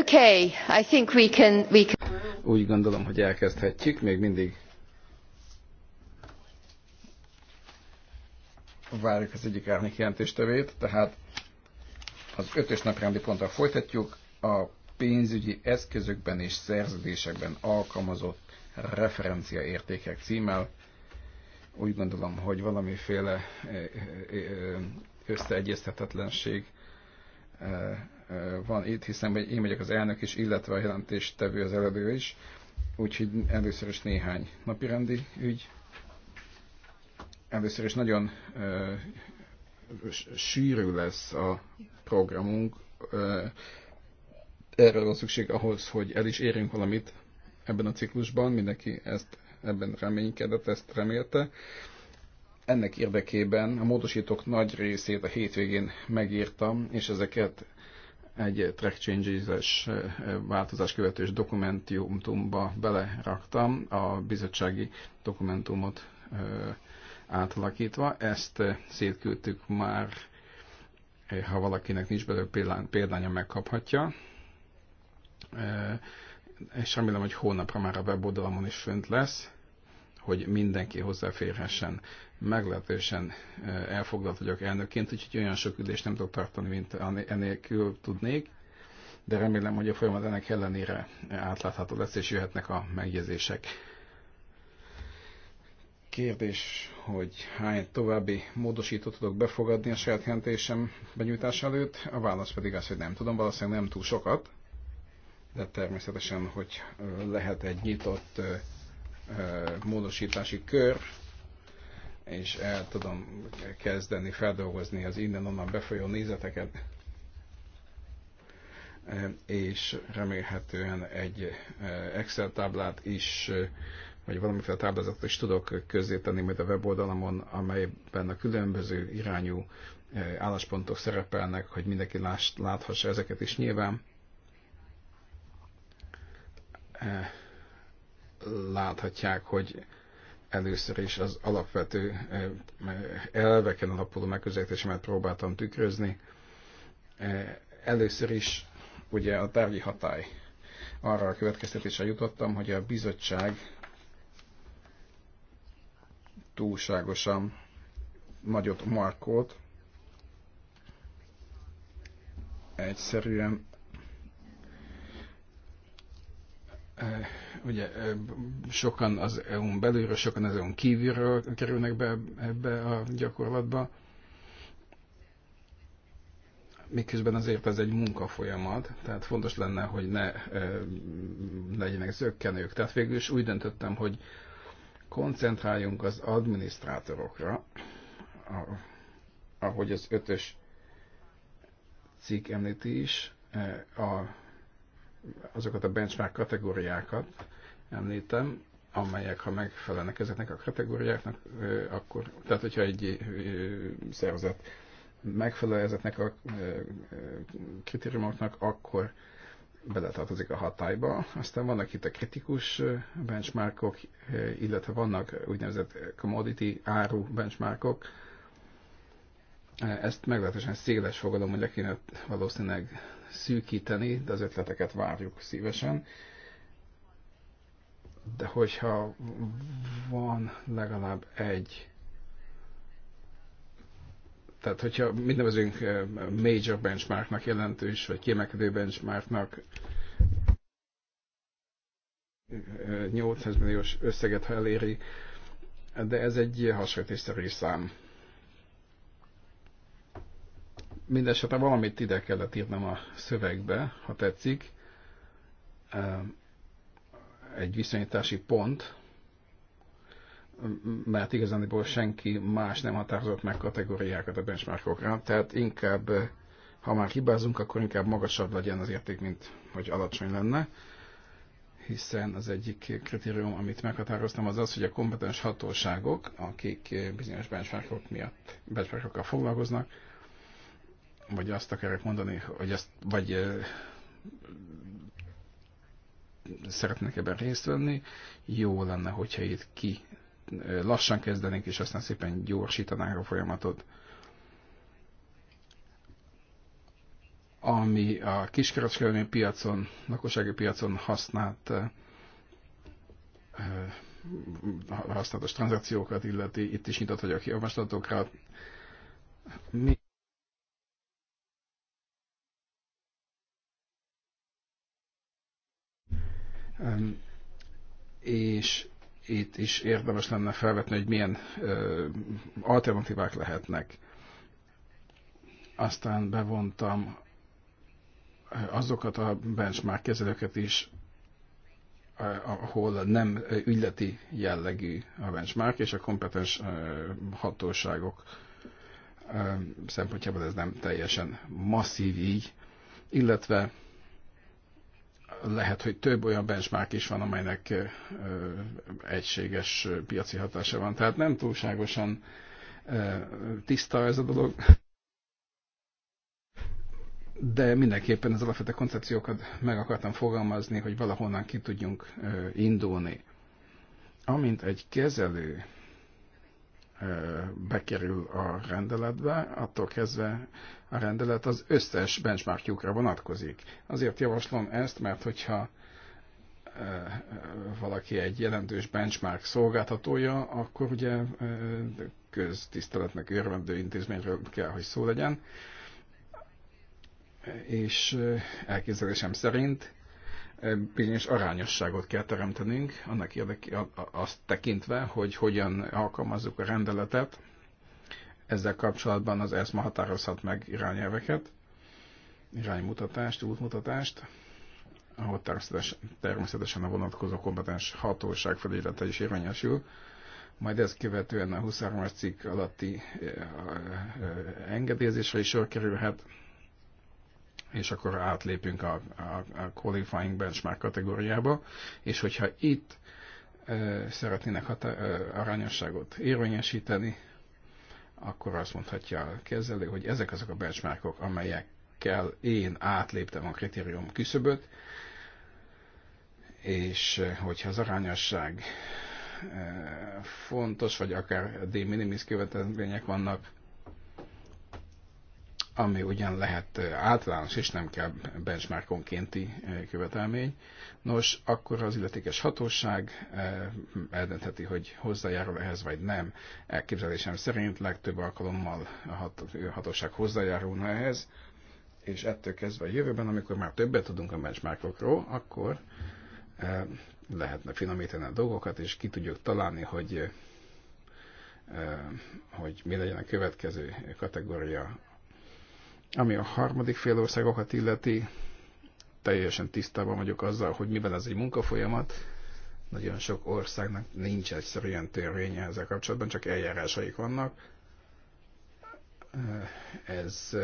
Okay, I think we can, we can... Úgy gondolom, hogy elkezdhetjük, még mindig várjuk az egyik árnyék jelentéstevét, tehát az ötös naprendi ponttal folytatjuk a pénzügyi eszközökben és szerződésekben alkalmazott referenciaértékek címmel. Úgy gondolom, hogy valamiféle eh, eh, eh, összeegyeztethetetlenség van itt, hiszen én vagyok az elnök is, illetve a tevő az előadó is, úgyhogy először is néhány napirendi ügy. Először is nagyon sűrű lesz a programunk, erre van szükség ahhoz, hogy el is érjünk valamit ebben a ciklusban, mindenki ezt ebben reménykedett, ezt remélte. Ennek érdekében a módosítók nagy részét a hétvégén megírtam, és ezeket egy track changes-es változás követős dokumentumba beleraktam a bizottsági dokumentumot átalakítva. Ezt szétküldtük már, ha valakinek nincs belőle példánya, megkaphatja. És remélem, hogy hónapra már a weboldalamon is fönt lesz, hogy mindenki hozzáférhessen meglehetősen elfoglalt vagyok elnökként, úgyhogy olyan sok ülést nem tudok tartani, mint enélkül tudnék, de remélem, hogy a folyamat ennek ellenére átlátható lesz, és jöhetnek a megjegyzések. Kérdés, hogy hány további módosítót tudok befogadni a saját jelentésem benyújtás előtt, a válasz pedig az, hogy nem tudom, valószínűleg nem túl sokat, de természetesen, hogy lehet egy nyitott módosítási kör, és el tudom kezdeni feldolgozni az innen-onnan befolyó nézeteket, és remélhetően egy e, Excel táblát is, e, vagy valamiféle táblázatot is tudok közzétenni majd a weboldalamon, amelyben a különböző irányú e, álláspontok szerepelnek, hogy mindenki láss, láthassa ezeket is nyilván. Láthatják, hogy először is az alapvető eh, elveken alapuló megközelítésemet próbáltam tükrözni. Eh, először is ugye a tárgyi hatály. Arra a következtetésre jutottam, hogy a bizottság túlságosan nagyot markolt, egyszerűen Eh, ugye eh, sokan az EU-n belülről, sokan az EU-n kívülről kerülnek be ebbe a gyakorlatba, miközben azért ez egy munkafolyamat, tehát fontos lenne, hogy ne eh, legyenek zöggenők. Tehát végül is úgy döntöttem, hogy koncentráljunk az adminisztrátorokra, a, ahogy az ötös cikk említi is, a azokat a benchmark kategóriákat említem, amelyek, ha megfelelnek ezeknek a kategóriáknak, akkor, tehát hogyha egy szervezet megfelel ezeknek a kritériumoknak, akkor beletartozik a hatályba. Aztán vannak itt a kritikus benchmarkok, illetve vannak úgynevezett commodity áru benchmarkok. Ezt meglehetősen széles fogalom, hogy le kéne valószínűleg szűkíteni, de az ötleteket várjuk szívesen. De hogyha van legalább egy tehát hogyha mit nevezünk eh, major benchmarknak jelentős, vagy kiemelkedő benchmarknak 800 eh, milliós összeget, ha eléri, de ez egy hasonlítésszerű szám. Mindenesetre valamit ide kellett írnom a szövegbe, ha tetszik. Egy viszonyítási pont, mert igazániból senki más nem határozott meg kategóriákat a benchmarkokra, tehát inkább, ha már hibázunk, akkor inkább magasabb legyen az érték, mint hogy alacsony lenne, hiszen az egyik kritérium, amit meghatároztam, az az, hogy a kompetens hatóságok, akik bizonyos benchmarkok miatt, benchmarkokkal foglalkoznak, vagy azt akarok mondani, hogy ezt, vagy ö, szeretnék ebben részt venni, jó lenne, hogyha itt ki lassan kezdenénk, és aztán szépen gyorsítanánk a folyamatot. Ami a kiskereskedelmi piacon, lakossági piacon használt használatos tranzakciókat illeti, itt is nyitott vagyok javaslatokra. Mi és itt is érdemes lenne felvetni, hogy milyen alternatívák lehetnek. Aztán bevontam azokat a benchmark kezelőket is, ahol nem ügyleti jellegű a benchmark, és a kompetens hatóságok szempontjából ez nem teljesen masszív így, illetve lehet, hogy több olyan benchmark is van, amelynek egységes piaci hatása van. Tehát nem túlságosan tiszta ez a dolog, de mindenképpen az alapvető koncepciókat meg akartam fogalmazni, hogy valahonnan ki tudjunk indulni. Amint egy kezelő bekerül a rendeletbe, attól kezdve a rendelet az összes benchmarkjukra vonatkozik. Azért javaslom ezt, mert hogyha valaki egy jelentős benchmark szolgáltatója, akkor ugye köztiszteletnek örvendő intézményről kell, hogy szó legyen. És elképzelésem szerint bizonyos arányosságot kell teremtenünk, annak érdekében azt tekintve, hogy hogyan alkalmazzuk a rendeletet, ezzel kapcsolatban az ESMA határozhat meg irányelveket, iránymutatást, útmutatást, ahol természetesen, természetesen a vonatkozó kompetens hatóság felügyelete is érvényesül, majd ezt követően a 23-as cikk alatti eh, eh, engedélyezésre is sor kerülhet, és akkor átlépünk a, a, a qualifying benchmark kategóriába, és hogyha itt ö, szeretnének hata, ö, arányosságot érvényesíteni, akkor azt mondhatja a kezelő, hogy ezek azok a benchmarkok, amelyekkel én átléptem a kritérium küszöböt, és hogyha az arányosság fontos, vagy akár de minimis követelmények vannak, ami ugyan lehet általános, és nem kell benchmarkonkénti követelmény. Nos, akkor az illetékes hatóság eldöntheti, hogy hozzájárul ehhez vagy nem. Elképzelésem szerint legtöbb alkalommal a hatóság hozzájárulna ehhez, és ettől kezdve a jövőben, amikor már többet tudunk a benchmarkokról, akkor lehetne finomítani a dolgokat, és ki tudjuk találni, hogy hogy mi legyen a következő kategória ami a harmadik fél országokat illeti, teljesen tisztában vagyok azzal, hogy mivel ez egy munkafolyamat, nagyon sok országnak nincs egyszerűen törvénye ezzel kapcsolatban, csak eljárásaik vannak. Ez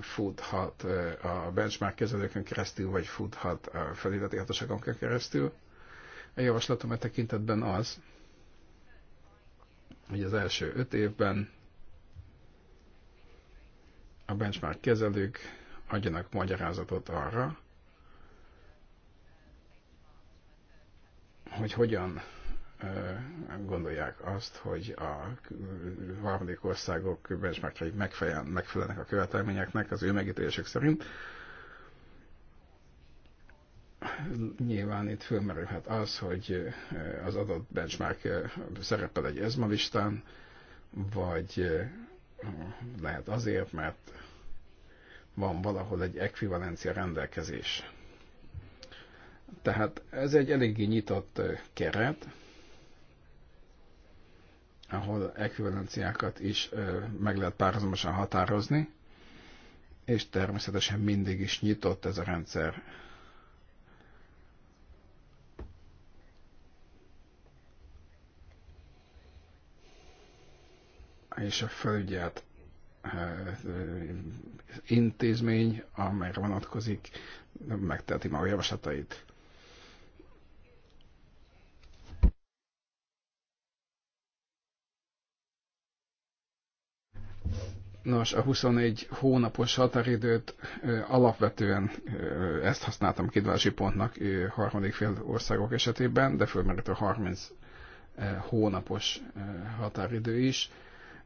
futhat a benchmark kezelőkön keresztül, vagy futhat a felületi hatóságokon keresztül. A javaslatom a e tekintetben az, hogy az első öt évben a benchmark kezelők adjanak magyarázatot arra, hogy hogyan gondolják azt, hogy a harmadik országok benchmarkjai megfelelnek a követelményeknek az ő megítélésük szerint. Nyilván itt fölmerülhet az, hogy az adott benchmark szerepel egy ESMA listán, vagy lehet azért, mert van valahol egy ekvivalencia rendelkezés. Tehát ez egy eléggé nyitott keret, ahol ekvivalenciákat is meg lehet párhuzamosan határozni, és természetesen mindig is nyitott ez a rendszer és a felügyelt eh, intézmény, amelyre vonatkozik, megteheti maga javaslatait. Nos, a 24 hónapos határidőt eh, alapvetően eh, ezt használtam kidvási pontnak harmadik fél országok esetében, de fölmerült a 30 hónapos határidő is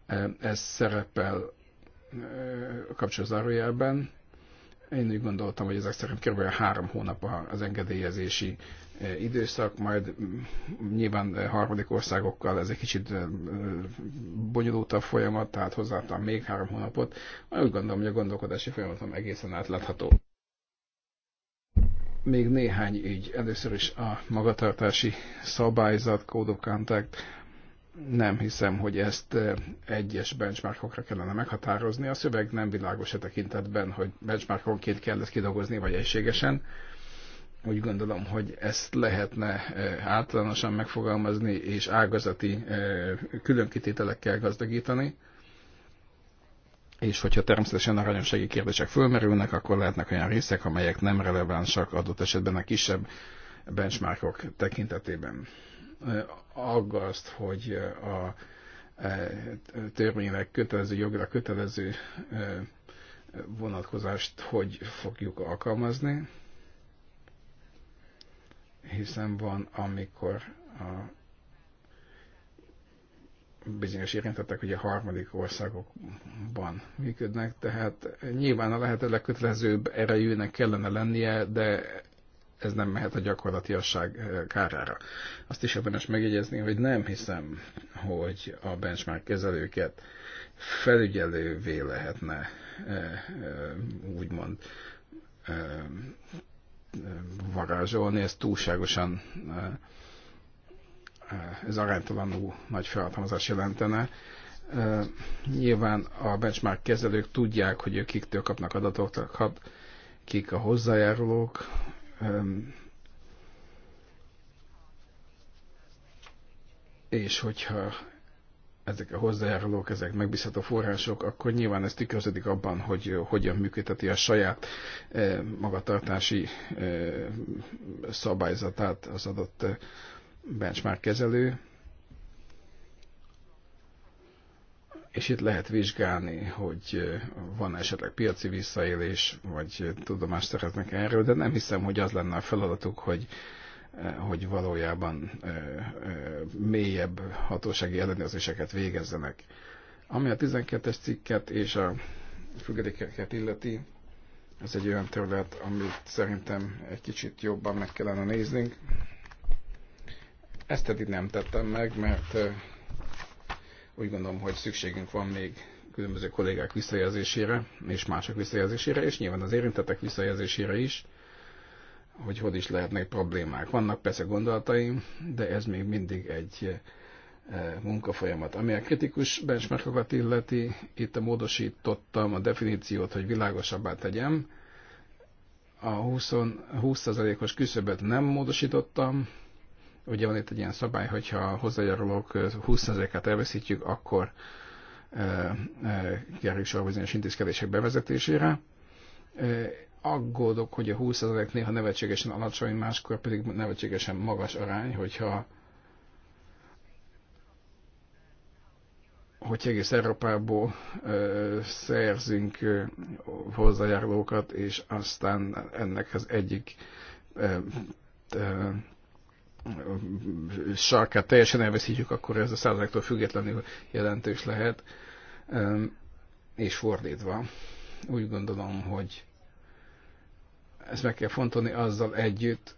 Eh, ez szerepel eh, a Én úgy gondoltam, hogy ezek szerint kb. három hónap az engedélyezési eh, időszak, majd mm, nyilván harmadik országokkal ez egy kicsit bonyolultabb folyamat, tehát hozzáadtam még három hónapot, majd úgy gondolom, hogy a gondolkodási folyamatom egészen átlátható. Még néhány ügy. Először is a magatartási szabályzat, Code of Contact, nem hiszem, hogy ezt eh, egyes benchmarkokra kellene meghatározni. A szöveg nem világos a tekintetben, hogy benchmarkonként kell ezt kidolgozni, vagy egységesen. Úgy gondolom, hogy ezt lehetne eh, általánosan megfogalmazni, és ágazati eh, különkitételekkel gazdagítani. És hogyha természetesen arányossági kérdések fölmerülnek, akkor lehetnek olyan részek, amelyek nem relevánsak adott esetben a kisebb benchmarkok tekintetében. Eh, aggaszt, hogy eh, a eh, törvényleg kötelező, jogra kötelező vonatkozást hogy fogjuk alkalmazni, hiszen van, amikor a bizonyos érintettek ugye harmadik országokban működnek, tehát nyilván a lehető legkötelezőbb erejűnek kellene lennie, de ez nem mehet a gyakorlatiasság kárára. Azt is ebben is megjegyezni, hogy nem hiszem, hogy a benchmark kezelőket felügyelővé lehetne úgymond varázsolni, ez túlságosan ez aránytalanul nagy felhatalmazás jelentene. Nyilván a benchmark kezelők tudják, hogy ők kiktől kapnak adatokat, kik a hozzájárulók, és hogyha ezek a hozzájárulók, ezek megbízható források, akkor nyilván ez tükröződik abban, hogy hogyan működteti a saját magatartási szabályzatát az adott benchmark kezelő, és itt lehet vizsgálni, hogy van esetleg piaci visszaélés, vagy tudomást szereznek erről, de nem hiszem, hogy az lenne a feladatuk, hogy hogy valójában mélyebb hatósági ellenőrzéseket végezzenek. Ami a 12-es cikket és a függedékeket illeti, ez egy olyan terület, amit szerintem egy kicsit jobban meg kellene néznünk. Ezt eddig nem tettem meg, mert úgy gondolom, hogy szükségünk van még különböző kollégák visszajelzésére, és mások visszajelzésére, és nyilván az érintettek visszajelzésére is, hogy hogy is lehetnek problémák. Vannak persze gondolataim, de ez még mindig egy eh, munkafolyamat. Ami a kritikus benchmarkokat illeti, itt a módosítottam a definíciót, hogy világosabbá tegyem. A 20%-os küszöbet nem módosítottam, Ugye van itt egy ilyen szabály, hogyha a hozzájárulók 20%-át elveszítjük, akkor kerül sor bizonyos intézkedések bevezetésére. Aggódok, hogy a 20% néha nevetségesen alacsony, máskor pedig nevetségesen magas arány, hogyha hogy egész Európából ö, szerzünk ö, hozzájárulókat, és aztán ennek az egyik ö, ö, sarkát teljesen elveszítjük, akkor ez a százalektól függetlenül jelentős lehet. És fordítva, úgy gondolom, hogy ezt meg kell fontolni azzal együtt,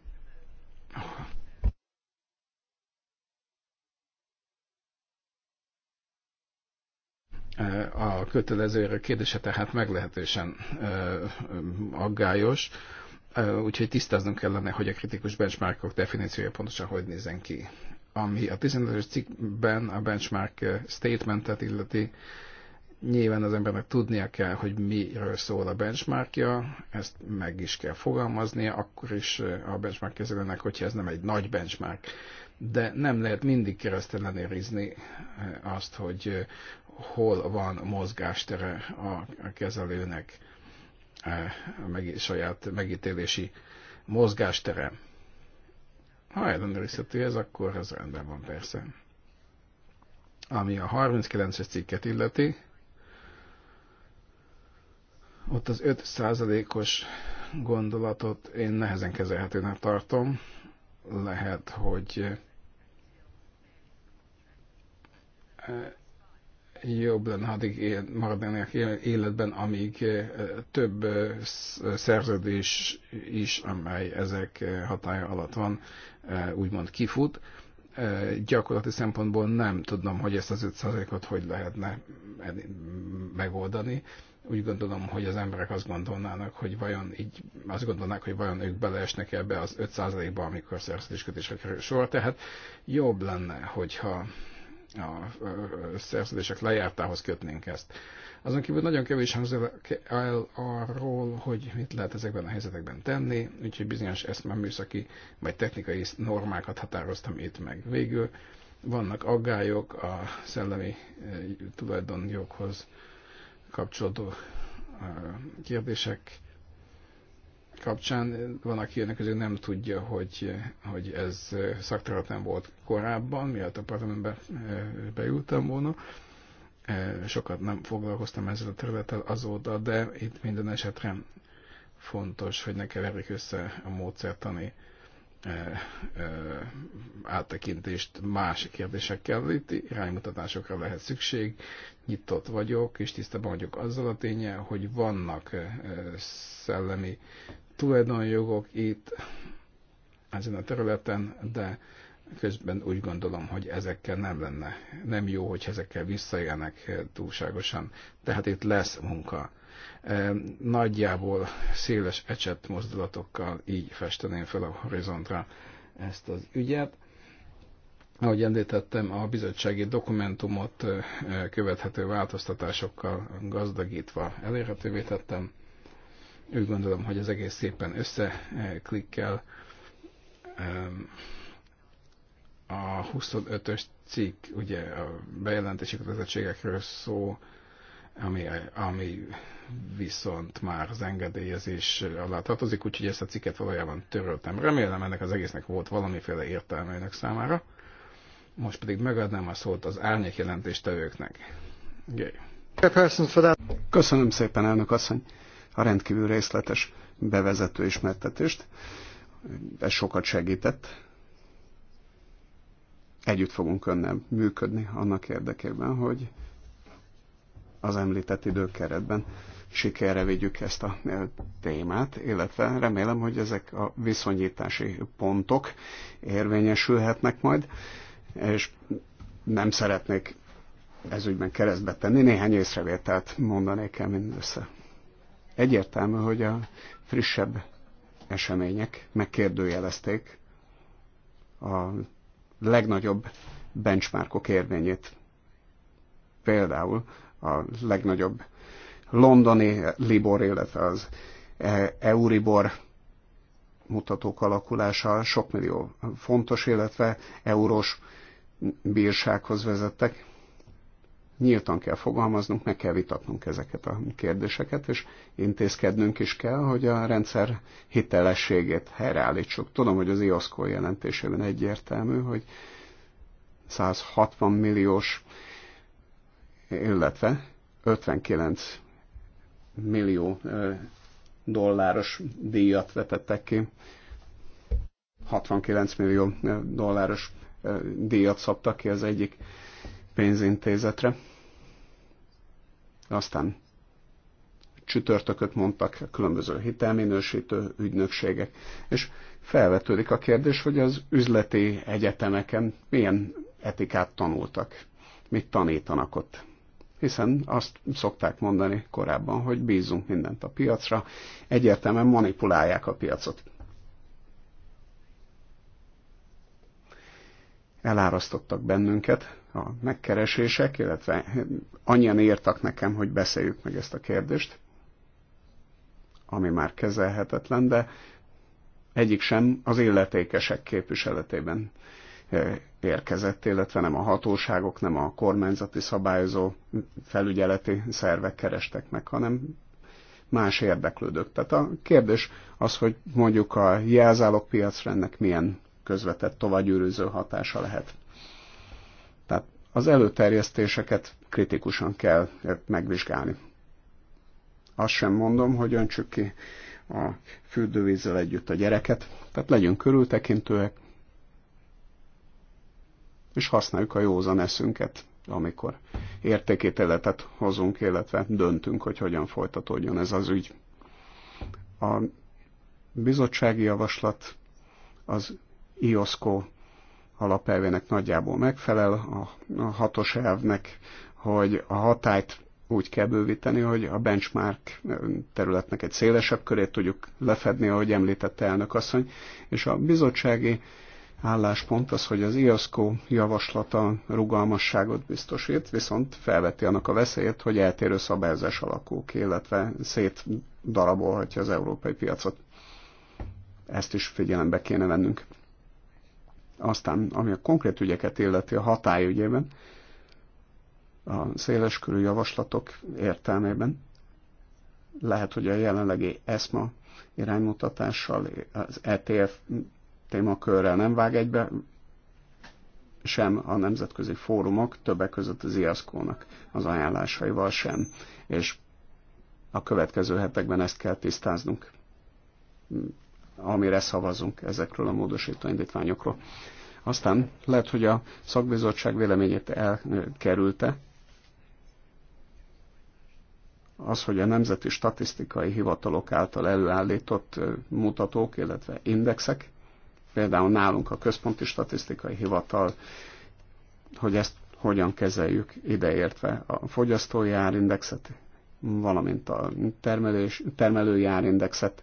a kötelező kérdése tehát meglehetősen aggályos. Úgyhogy tisztáznunk kellene, hogy a kritikus benchmarkok definíciója pontosan hogy nézen ki. Ami a 15-ös cikkben a benchmark statementet illeti, nyilván az embernek tudnia kell, hogy miről szól a benchmarkja, ezt meg is kell fogalmaznia, akkor is a benchmark kezelőnek, hogyha ez nem egy nagy benchmark. De nem lehet mindig keresztelen érizni azt, hogy hol van mozgástere a kezelőnek Eh, meg, saját megítélési mozgástere. Ha ellenőrizhető ez, akkor ez rendben van persze. Ami a 39-es cikket illeti, ott az 5%-os gondolatot én nehezen kezelhetőnek tartom. Lehet, hogy eh, jobb lenne, ha él, maradnának életben, amíg eh, több eh, szerződés is, amely ezek eh, hatája alatt van, úgymond kifut. Gyakorlati szempontból nem tudom, hogy ezt az 5%-ot hogy lehetne megoldani. Úgy gondolom, hogy az emberek azt gondolnának, hogy vajon így, azt gondolnák, hogy vajon ők beleesnek ebbe az 5%-ba, amikor szerződéskötésre kerül sor. Tehát jobb lenne, hogyha a szerződések lejártához kötnénk ezt. Azon kívül nagyon kevés hangzik el arról, hogy mit lehet ezekben a helyzetekben tenni, úgyhogy bizonyos ezt már műszaki vagy technikai normákat határoztam itt meg. Végül vannak aggályok a szellemi tulajdonjoghoz kapcsolódó kérdések kapcsán. Van, aki ennek közül nem tudja, hogy, hogy ez szakterületen volt korábban, mielőtt a parlamentbe eh, bejuttam volna. Eh, sokat nem foglalkoztam ezzel a területtel azóta, de itt minden esetre fontos, hogy ne keverjük össze a módszertani eh, áttekintést más kérdésekkel. Itt iránymutatásokra lehet szükség, nyitott vagyok, és tisztában vagyok azzal a ténye, hogy vannak szellemi tulajdonjogok itt ezen a területen, de közben úgy gondolom, hogy ezekkel nem lenne, nem jó, hogy ezekkel visszajönnek túlságosan. Tehát itt lesz munka. E, nagyjából széles ecset mozdulatokkal így festeném fel a horizontra ezt az ügyet. Ahogy említettem, a bizottsági dokumentumot e, e, követhető változtatásokkal gazdagítva elérhetővé tettem úgy gondolom, hogy az egész szépen összeklikkel. A 25-ös cikk, ugye a bejelentési kötelezettségekről szó, ami, ami viszont már az engedélyezés alá tartozik, úgyhogy ezt a cikket valójában töröltem. Remélem ennek az egésznek volt valamiféle értelme önök számára. Most pedig megadnám a szót az árnyék jelentéstevőknek. Gay. Köszönöm szépen, elnök asszony a rendkívül részletes bevezető ismertetést. Ez sokat segített. Együtt fogunk önnel működni annak érdekében, hogy az említett időkeretben sikerre vigyük ezt a témát, illetve remélem, hogy ezek a viszonyítási pontok érvényesülhetnek majd, és nem szeretnék ezügyben keresztbe tenni, néhány észrevételt mondanék el mindössze. Egyértelmű, hogy a frissebb események megkérdőjelezték a legnagyobb benchmarkok érvényét. Például a legnagyobb londoni Libor, illetve az e- Euribor mutatók alakulása sok millió fontos, illetve eurós bírsághoz vezettek nyíltan kell fogalmaznunk, meg kell vitatnunk ezeket a kérdéseket, és intézkednünk is kell, hogy a rendszer hitelességét helyreállítsuk. Tudom, hogy az IOSZKO jelentésében egyértelmű, hogy 160 milliós, illetve 59 millió dolláros díjat vetettek ki, 69 millió dolláros díjat szabtak ki az egyik pénzintézetre. Aztán csütörtököt mondtak a különböző hitelminősítő ügynökségek, és felvetődik a kérdés, hogy az üzleti egyetemeken milyen etikát tanultak, mit tanítanak ott. Hiszen azt szokták mondani korábban, hogy bízunk mindent a piacra, egyértelműen manipulálják a piacot. elárasztottak bennünket a megkeresések, illetve annyian írtak nekem, hogy beszéljük meg ezt a kérdést, ami már kezelhetetlen, de egyik sem az illetékesek képviseletében eh, érkezett, illetve nem a hatóságok, nem a kormányzati szabályozó felügyeleti szervek kerestek meg, hanem más érdeklődők. Tehát a kérdés az, hogy mondjuk a piacra ennek milyen közvetett továbbgyűrűző hatása lehet. Tehát az előterjesztéseket kritikusan kell megvizsgálni. Azt sem mondom, hogy öntsük ki a fürdővízzel együtt a gyereket, tehát legyünk körültekintőek, és használjuk a józan eszünket, amikor értékítéletet hozunk, illetve döntünk, hogy hogyan folytatódjon ez az ügy. A bizottsági javaslat az IOSCO alapelvének nagyjából megfelel, a, a hatos elvnek, hogy a hatályt úgy kell bővíteni, hogy a benchmark területnek egy szélesebb körét tudjuk lefedni, ahogy említette elnök asszony, és a bizottsági álláspont az, hogy az IOSCO javaslata rugalmasságot biztosít, viszont felveti annak a veszélyét, hogy eltérő szabályozás alakul ki, illetve szétdarabolhatja az európai piacot. Ezt is figyelembe kéne vennünk. Aztán, ami a konkrét ügyeket illeti a hatályügyében, a széleskörű javaslatok értelmében, lehet, hogy a jelenlegi ESMA iránymutatással az ETF témakörrel nem vág egybe, sem a nemzetközi fórumok, többek között az IASZKÓ-nak az ajánlásaival sem. És a következő hetekben ezt kell tisztáznunk amire szavazunk ezekről a módosító indítványokról. Aztán lehet, hogy a szakbizottság véleményét elkerülte, az, hogy a nemzeti statisztikai hivatalok által előállított mutatók, illetve indexek, például nálunk a központi statisztikai hivatal, hogy ezt hogyan kezeljük ideértve a fogyasztói árindexet, valamint a termelés, termelői árindexet,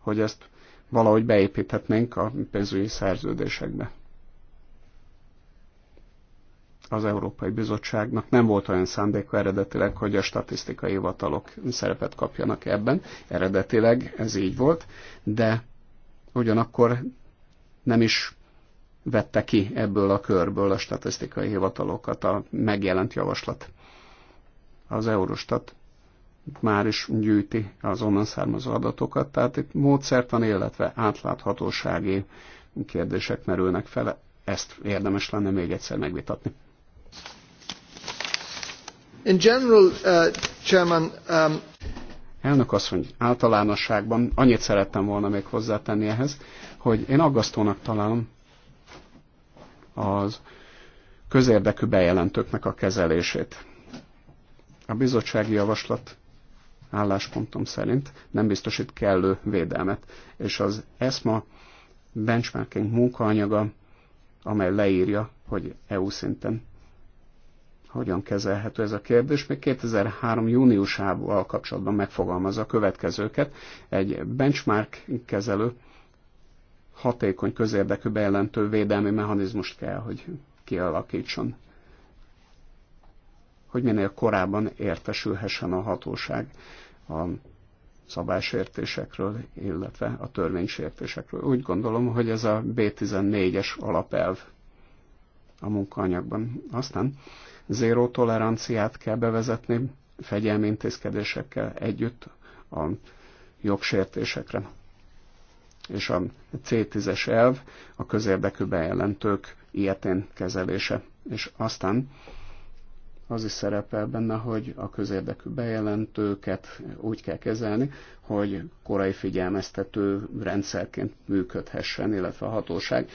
hogy ezt valahogy beépíthetnénk a pénzügyi szerződésekbe. Az Európai Bizottságnak nem volt olyan szándéka eredetileg, hogy a statisztikai hivatalok szerepet kapjanak ebben. Eredetileg ez így volt, de ugyanakkor nem is vette ki ebből a körből a statisztikai hivatalokat a megjelent javaslat. Az Eurostat már is gyűjti az onnan származó adatokat, tehát itt módszertan, illetve átláthatósági kérdések merülnek fel, ezt érdemes lenne még egyszer megvitatni. In general, uh, Chairman, um... Elnök asszony, általánosságban annyit szerettem volna még hozzátenni ehhez, hogy én aggasztónak találom az közérdekű bejelentőknek a kezelését. A bizottsági javaslat álláspontom szerint nem biztosít kellő védelmet, és az ESMA benchmarking munkaanyaga, amely leírja, hogy EU szinten hogyan kezelhető ez a kérdés, még 2003. júniusával kapcsolatban megfogalmazza a következőket. Egy benchmark kezelő hatékony közérdekű bejelentő védelmi mechanizmust kell, hogy kialakítson hogy minél korábban értesülhessen a hatóság a szabálysértésekről, illetve a törvénysértésekről. Úgy gondolom, hogy ez a B14-es alapelv a munkaanyagban. Aztán zéró toleranciát kell bevezetni fegyelmi intézkedésekkel együtt a jogsértésekre. És a C10-es elv a közérdekű bejelentők ilyetén kezelése. És aztán az is szerepel benne, hogy a közérdekű bejelentőket úgy kell kezelni, hogy korai figyelmeztető rendszerként működhessen, illetve a hatóság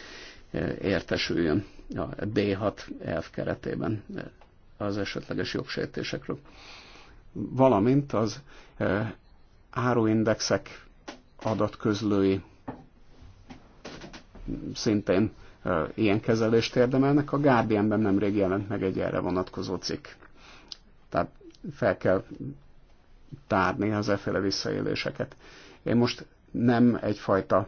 értesüljön a D6 elv keretében az esetleges jogsértésekről. Valamint az e, áruindexek adatközlői szintén ilyen kezelést érdemelnek. A Guardianben nemrég jelent meg egy erre vonatkozó cikk. Tehát fel kell tárni az efféle visszaéléseket. Én most nem egyfajta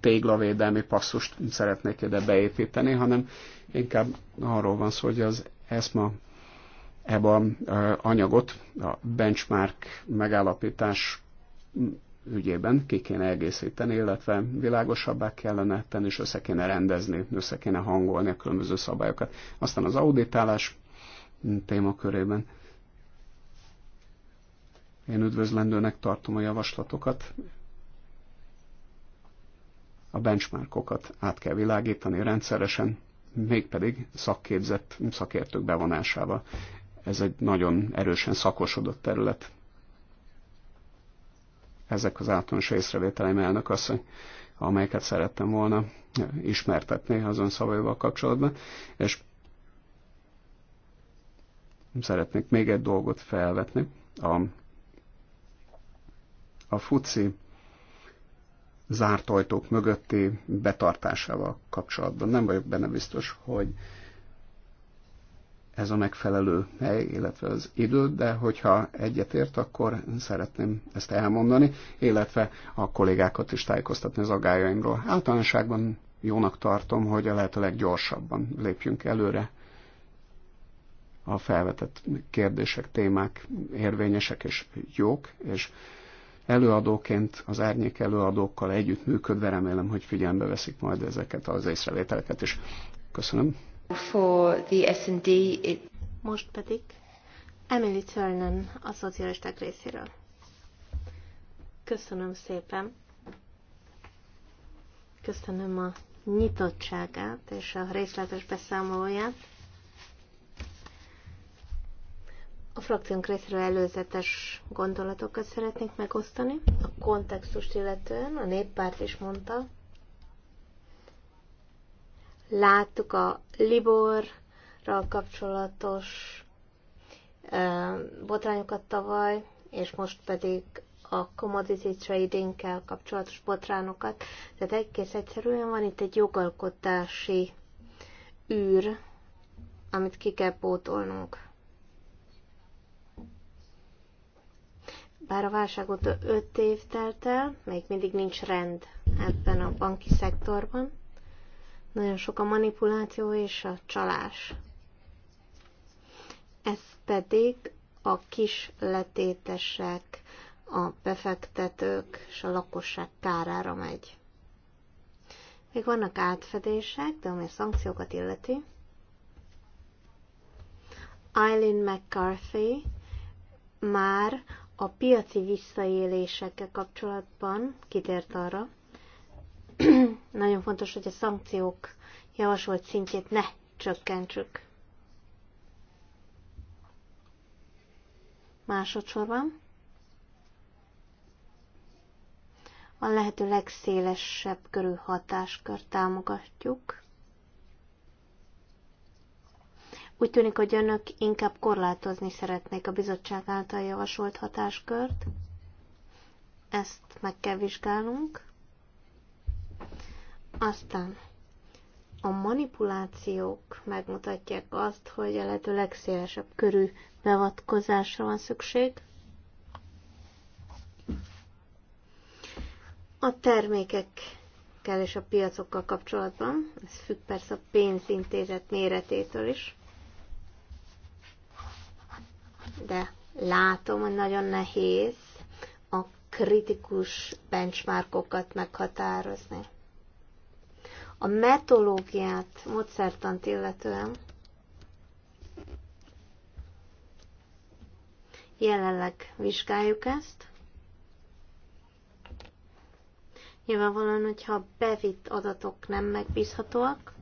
téglavédelmi passzust szeretnék ide beépíteni, hanem inkább arról van szó, hogy az ESMA ebben anyagot a benchmark megállapítás ügyében ki kéne egészíteni, illetve világosabbá kellene tenni, és össze kéne rendezni, össze kéne hangolni a különböző szabályokat. Aztán az auditálás témakörében én üdvözlendőnek tartom a javaslatokat, a benchmarkokat át kell világítani rendszeresen, mégpedig szakképzett szakértők bevonásával. Ez egy nagyon erősen szakosodott terület ezek az általános észrevételeim elnök asszony, amelyeket szerettem volna ismertetni azon szavaival kapcsolatban, és szeretnék még egy dolgot felvetni. A, a FUCI zárt ajtók mögötti betartásával kapcsolatban. Nem vagyok benne biztos, hogy ez a megfelelő hely, illetve az idő, de hogyha egyetért, akkor szeretném ezt elmondani, illetve a kollégákat is tájékoztatni az agályaimról. Általánosságban jónak tartom, hogy a lehető leggyorsabban lépjünk előre a felvetett kérdések, témák érvényesek és jók, és előadóként az árnyék előadókkal együttműködve remélem, hogy figyelembe veszik majd ezeket az észrevételeket is. Köszönöm. For the S&D, it... Most pedig Emily Turnen a szocialisták részéről. Köszönöm szépen. Köszönöm a nyitottságát és a részletes beszámolóját. A frakciónk részéről előzetes gondolatokat szeretnék megosztani. A kontextust illetően a néppárt is mondta, Láttuk a Liborral kapcsolatos botrányokat tavaly, és most pedig a commodity trading-kel kapcsolatos botránokat. Tehát egész egyszerűen van itt egy jogalkotási űr, amit ki kell pótolnunk. Bár a válság óta 5 év telt el, még mindig nincs rend ebben a banki szektorban. Nagyon sok a manipuláció és a csalás. Ez pedig a kis letétesek, a befektetők és a lakosság kárára megy. Még vannak átfedések, de ami a szankciókat illeti. Eileen McCarthy már a piaci visszaélésekkel kapcsolatban kitért arra, [CLEARS THROAT] nagyon fontos, hogy a szankciók javasolt szintjét ne csökkentsük. Másodszorban a lehető legszélesebb körű hatáskört támogatjuk. Úgy tűnik, hogy önök inkább korlátozni szeretnék a bizottság által javasolt hatáskört. Ezt meg kell vizsgálnunk. Aztán a manipulációk megmutatják azt, hogy a lehető legszélesebb körű beavatkozásra van szükség. A termékekkel és a piacokkal kapcsolatban, ez függ persze a pénzintézet méretétől is, de látom, hogy nagyon nehéz a kritikus benchmarkokat meghatározni. A metológiát, módszertant illetően jelenleg vizsgáljuk ezt. Nyilvánvalóan, hogyha a bevitt adatok nem megbízhatóak,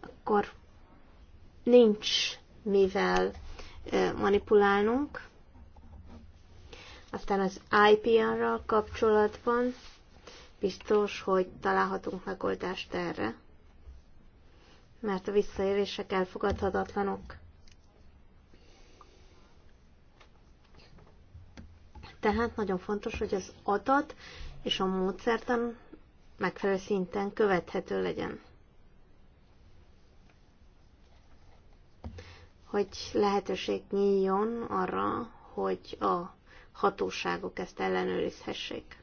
akkor nincs mivel manipulálnunk. Aztán az IPR-ral kapcsolatban Biztos, hogy találhatunk megoldást erre, mert a visszaélések elfogadhatatlanok. Tehát nagyon fontos, hogy az adat és a módszertan megfelelő szinten követhető legyen. Hogy lehetőség nyíljon arra, hogy a hatóságok ezt ellenőrizhessék.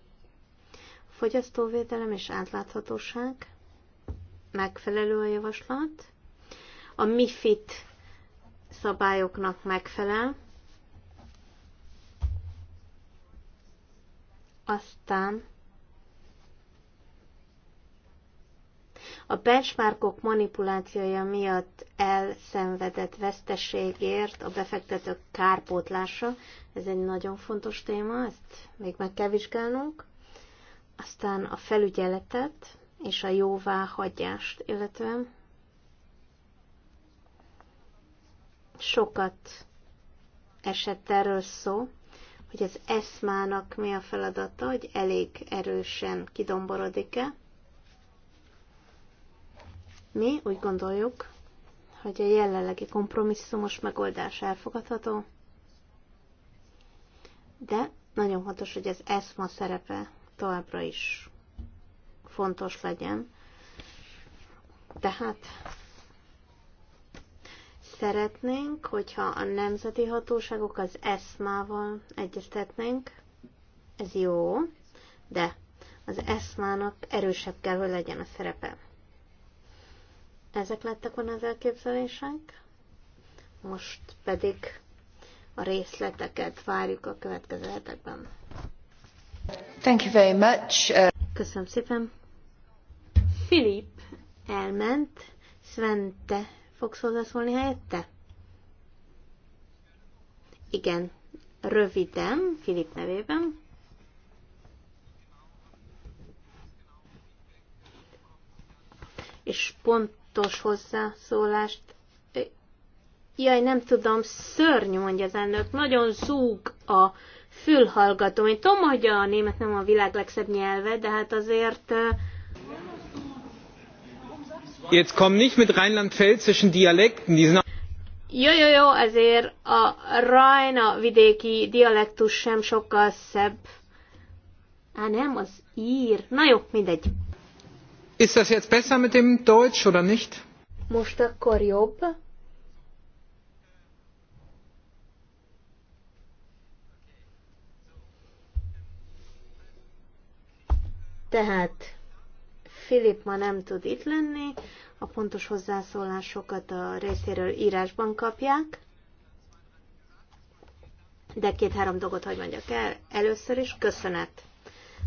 Fogyasztóvédelem és átláthatóság, megfelelő a javaslat. A MIFID szabályoknak megfelel. Aztán a benchmarkok manipulációja miatt elszenvedett veszteségért a befektetők kárpótlása, ez egy nagyon fontos téma, ezt még meg kell vizsgálnunk aztán a felügyeletet és a jóváhagyást illetően sokat esett erről szó, hogy az eszmának mi a feladata, hogy elég erősen kidomborodik-e. Mi úgy gondoljuk, hogy a jelenlegi kompromisszumos megoldás elfogadható, de nagyon fontos, hogy az eszma szerepe továbbra is fontos legyen. Tehát szeretnénk, hogyha a nemzeti hatóságok az ESMA-val egyeztetnénk, ez jó, de az ESMA-nak erősebb kell, hogy legyen a szerepe. Ezek lettek volna az elképzelések, most pedig a részleteket várjuk a következő hetekben. Köszönöm szépen. Filip elment, te fogsz hozzászólni helyette? Igen, röviden, Filip nevében. És pontos hozzászólást. Jaj, nem tudom, szörnyű, mondja az elnök, nagyon zúg a fülhallgató. Én tudom, hogy a német nem a világ legszebb nyelve, de hát azért... Jetzt komm nicht mit rheinland-pfälzischen Dialekten. Die sind jó, jó, jó, ezért a Rajna vidéki dialektus sem sokkal szebb. Á, nem, az ír. Na jó, mindegy. Ist das jetzt besser mit dem Deutsch, oder nicht? Most akkor jobb. Tehát Filip ma nem tud itt lenni, a pontos hozzászólásokat a részéről írásban kapják, de két-három dolgot hagy mondjak el. Először is köszönet.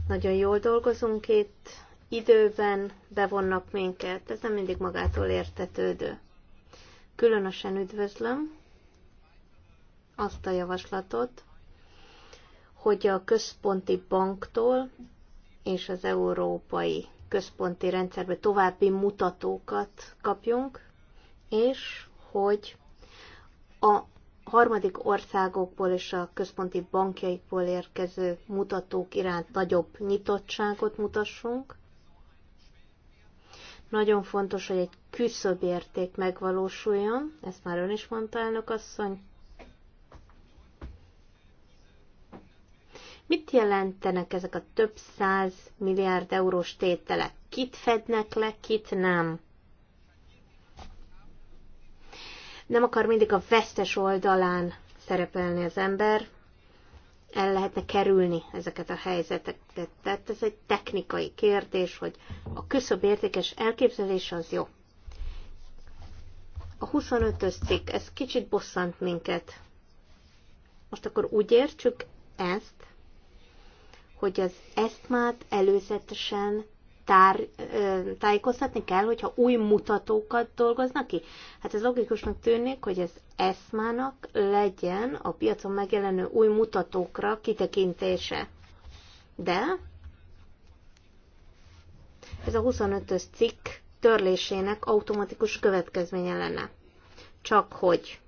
Nagyon jól dolgozunk itt, időben bevonnak minket, ez nem mindig magától értetődő. Különösen üdvözlöm azt a javaslatot, hogy a központi banktól és az európai központi rendszerbe további mutatókat kapjunk, és hogy a harmadik országokból és a központi bankjaikból érkező mutatók iránt nagyobb nyitottságot mutassunk. Nagyon fontos, hogy egy küszöbérték megvalósuljon, ezt már ön is mondta, elnök asszony, Mit jelentenek ezek a több száz milliárd eurós tételek? Kit fednek le, kit nem? Nem akar mindig a vesztes oldalán szerepelni az ember, el lehetne kerülni ezeket a helyzeteket. Tehát ez egy technikai kérdés, hogy a küszöbb értékes elképzelés az jó. A 25-ös cikk, ez kicsit bosszant minket. Most akkor úgy értsük ezt, hogy az esztmát előzetesen tár, tájékoztatni kell, hogyha új mutatókat dolgoznak ki? Hát ez logikusnak tűnik, hogy az eszmának legyen a piacon megjelenő új mutatókra kitekintése. De ez a 25-ös cikk törlésének automatikus következménye lenne. Csak hogy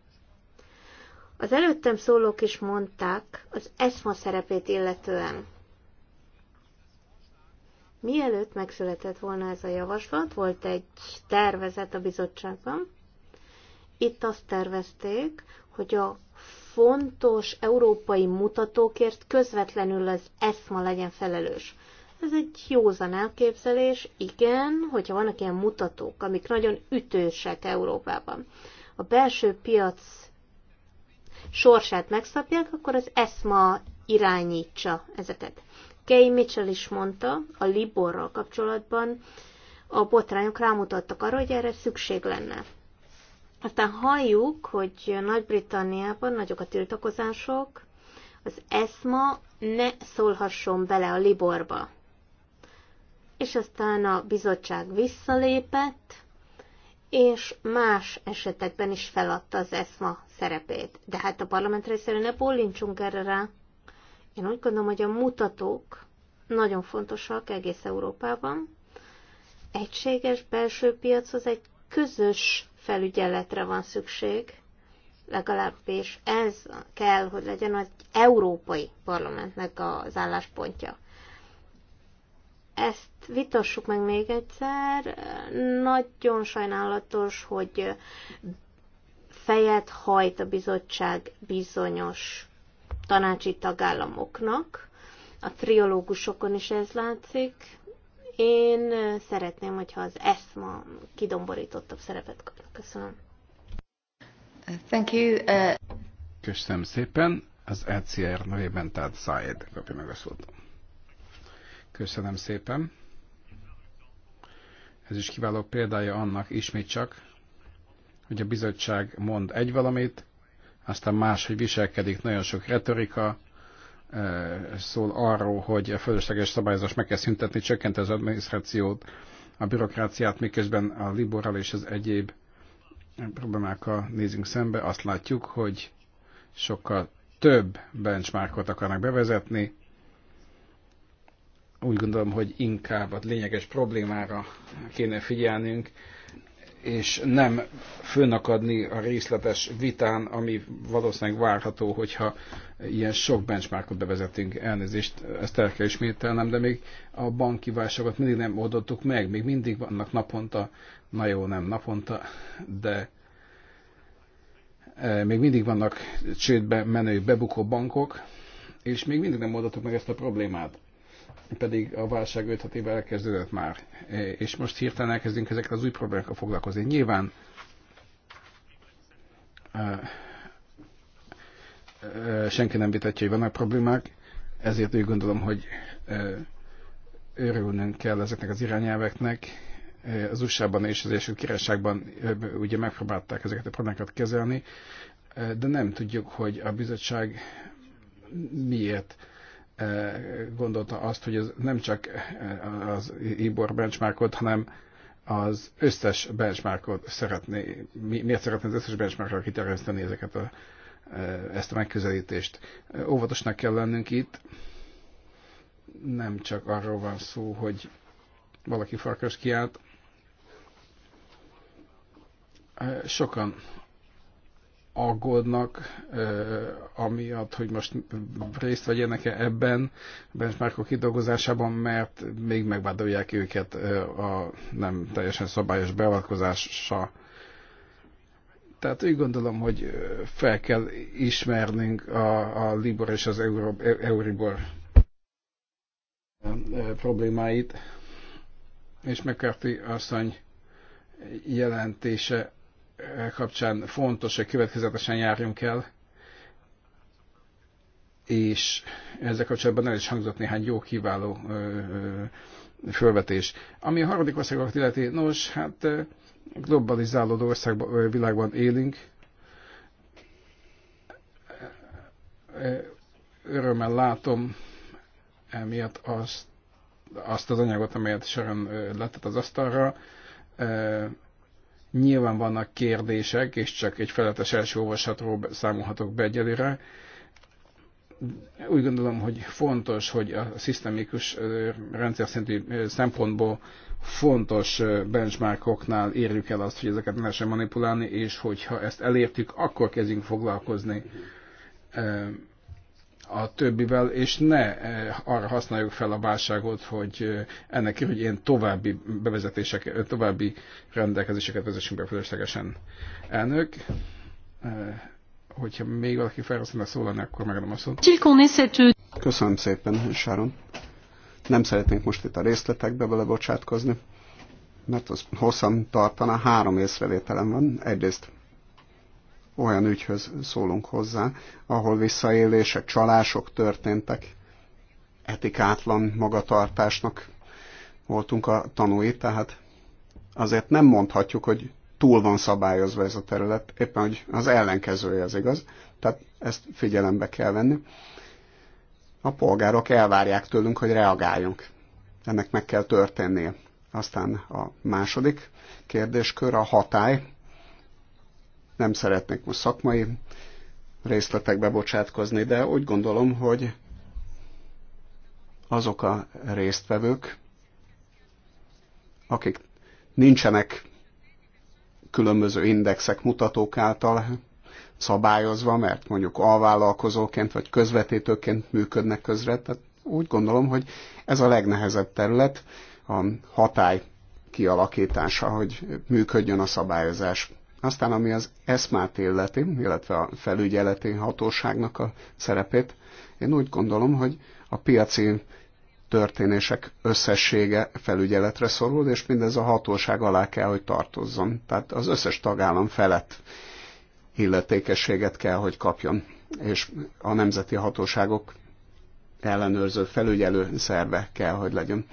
az előttem szólók is mondták az eszma szerepét illetően. Mielőtt megszületett volna ez a javaslat, volt egy tervezet a bizottságban. Itt azt tervezték, hogy a fontos európai mutatókért közvetlenül az ESMA legyen felelős. Ez egy józan elképzelés, igen, hogyha vannak ilyen mutatók, amik nagyon ütősek Európában. A belső piac sorsát megszabják, akkor az ESMA irányítsa ezeket. Kay Mitchell is mondta a Liborral kapcsolatban, a botrányok rámutattak arra, hogy erre szükség lenne. Aztán halljuk, hogy Nagy-Britanniában nagyok a tiltakozások, az ESMA ne szólhasson bele a Liborba. És aztán a bizottság visszalépett, és más esetekben is feladta az ESMA szerepét. De hát a parlament részéről ne bólintsunk erre rá. Én úgy gondolom, hogy a mutatók nagyon fontosak egész Európában. Egységes belső piachoz egy közös felügyeletre van szükség, legalábbis ez kell, hogy legyen az Európai Parlamentnek az álláspontja. Ezt vitassuk meg még egyszer. Nagyon sajnálatos, hogy fejet hajt a bizottság bizonyos tanácsi tagállamoknak. A triológusokon is ez látszik. Én szeretném, hogyha az ESMA kidomborítottabb szerepet kapna. Köszönöm. Thank you. Uh... Köszönöm szépen. Az ECR nevében, tehát Said kapja meg a szót. Köszönöm szépen. Ez is kiváló példája annak, ismét csak, hogy a bizottság mond egy valamit, aztán máshogy viselkedik, nagyon sok retorika eh, szól arról, hogy a fölösleges szabályozást meg kell szüntetni, csökkent az adminisztrációt, a bürokráciát, miközben a liberal és az egyéb problémákkal nézünk szembe, azt látjuk, hogy sokkal több benchmarkot akarnak bevezetni. Úgy gondolom, hogy inkább a lényeges problémára kéne figyelnünk, és nem fönnakadni a részletes vitán, ami valószínűleg várható, hogyha ilyen sok benchmarkot bevezetünk. Elnézést, ezt el kell ismételnem, de még a banki válságot mindig nem oldottuk meg, még mindig vannak naponta, na jó, nem naponta, de e, még mindig vannak csődbe menő, bebukó bankok, és még mindig nem oldottuk meg ezt a problémát pedig a válság 5-6 éve elkezdődött már, e, és most hirtelen elkezdünk ezekkel az új problémákkal foglalkozni. Nyilván e, e, senki nem vitatja, hogy vannak problémák, ezért úgy gondolom, hogy örülnünk kell ezeknek az irányelveknek. Az USA-ban és az első Királyságban ugye megpróbálták ezeket a problémákat kezelni, de nem tudjuk, hogy a bizottság miért E, gondolta azt, hogy ez nem csak e, az IBOR benchmarkot, hanem az összes benchmarkot szeretné, miért szeretné az összes benchmarkra kiterjeszteni ezeket a, e, ezt a megközelítést. Óvatosnak kell lennünk itt, nem csak arról van szó, hogy valaki farkas kiállt, sokan aggódnak, amiatt, hogy most részt vegyenek-e ebben a benchmarkok kidolgozásában, mert még megvádolják őket a nem teljesen szabályos beavatkozása. Tehát úgy gondolom, hogy fel kell ismernünk a, a Libor és az Euro, Euribor problémáit, és McCarthy asszony jelentése kapcsán fontos, hogy következetesen járjunk el, és ezzel kapcsolatban el is hangzott néhány jó, kiváló fölvetés. Ami a harmadik országokat illeti, nos, hát globalizálódó országban, világban élünk. Örömmel látom emiatt azt, azt az anyagot, amelyet Sharon letett az asztalra. Nyilván vannak kérdések, és csak egy feletes első olvasatról számolhatok be egyelőre. Úgy gondolom, hogy fontos, hogy a szisztemikus rendszer szintű szempontból fontos benchmarkoknál érjük el azt, hogy ezeket ne lehessen manipulálni, és hogyha ezt elértük, akkor kezdjünk foglalkozni a többivel, és ne eh, arra használjuk fel a válságot, hogy eh, ennek ilyen további bevezetések, eh, további rendelkezéseket vezessünk be fölöslegesen. Elnök, hogyha még valaki felhasználna szólani, akkor megadom a szót. Köszönöm szépen, Sharon. Nem szeretnénk most itt a részletekbe belebocsátkozni, mert az hosszan tartana, három észrevételem van. Egyrészt olyan ügyhöz szólunk hozzá, ahol visszaélések, csalások történtek, etikátlan magatartásnak voltunk a tanúi, tehát azért nem mondhatjuk, hogy túl van szabályozva ez a terület, éppen hogy az ellenkezője az igaz, tehát ezt figyelembe kell venni. A polgárok elvárják tőlünk, hogy reagáljunk. Ennek meg kell történnie. Aztán a második kérdéskör a hatály, nem szeretnék most szakmai részletekbe bocsátkozni, de úgy gondolom, hogy azok a résztvevők, akik nincsenek különböző indexek, mutatók által szabályozva, mert mondjuk alvállalkozóként vagy közvetítőként működnek közre. Tehát úgy gondolom, hogy ez a legnehezebb terület a hatály kialakítása, hogy működjön a szabályozás. Aztán ami az eszmát illeti, illetve a felügyeleti hatóságnak a szerepét, én úgy gondolom, hogy a piaci történések összessége felügyeletre szorul, és mindez a hatóság alá kell, hogy tartozzon. Tehát az összes tagállam felett illetékességet kell, hogy kapjon. És a nemzeti hatóságok ellenőrző, felügyelő szerve kell, hogy legyen.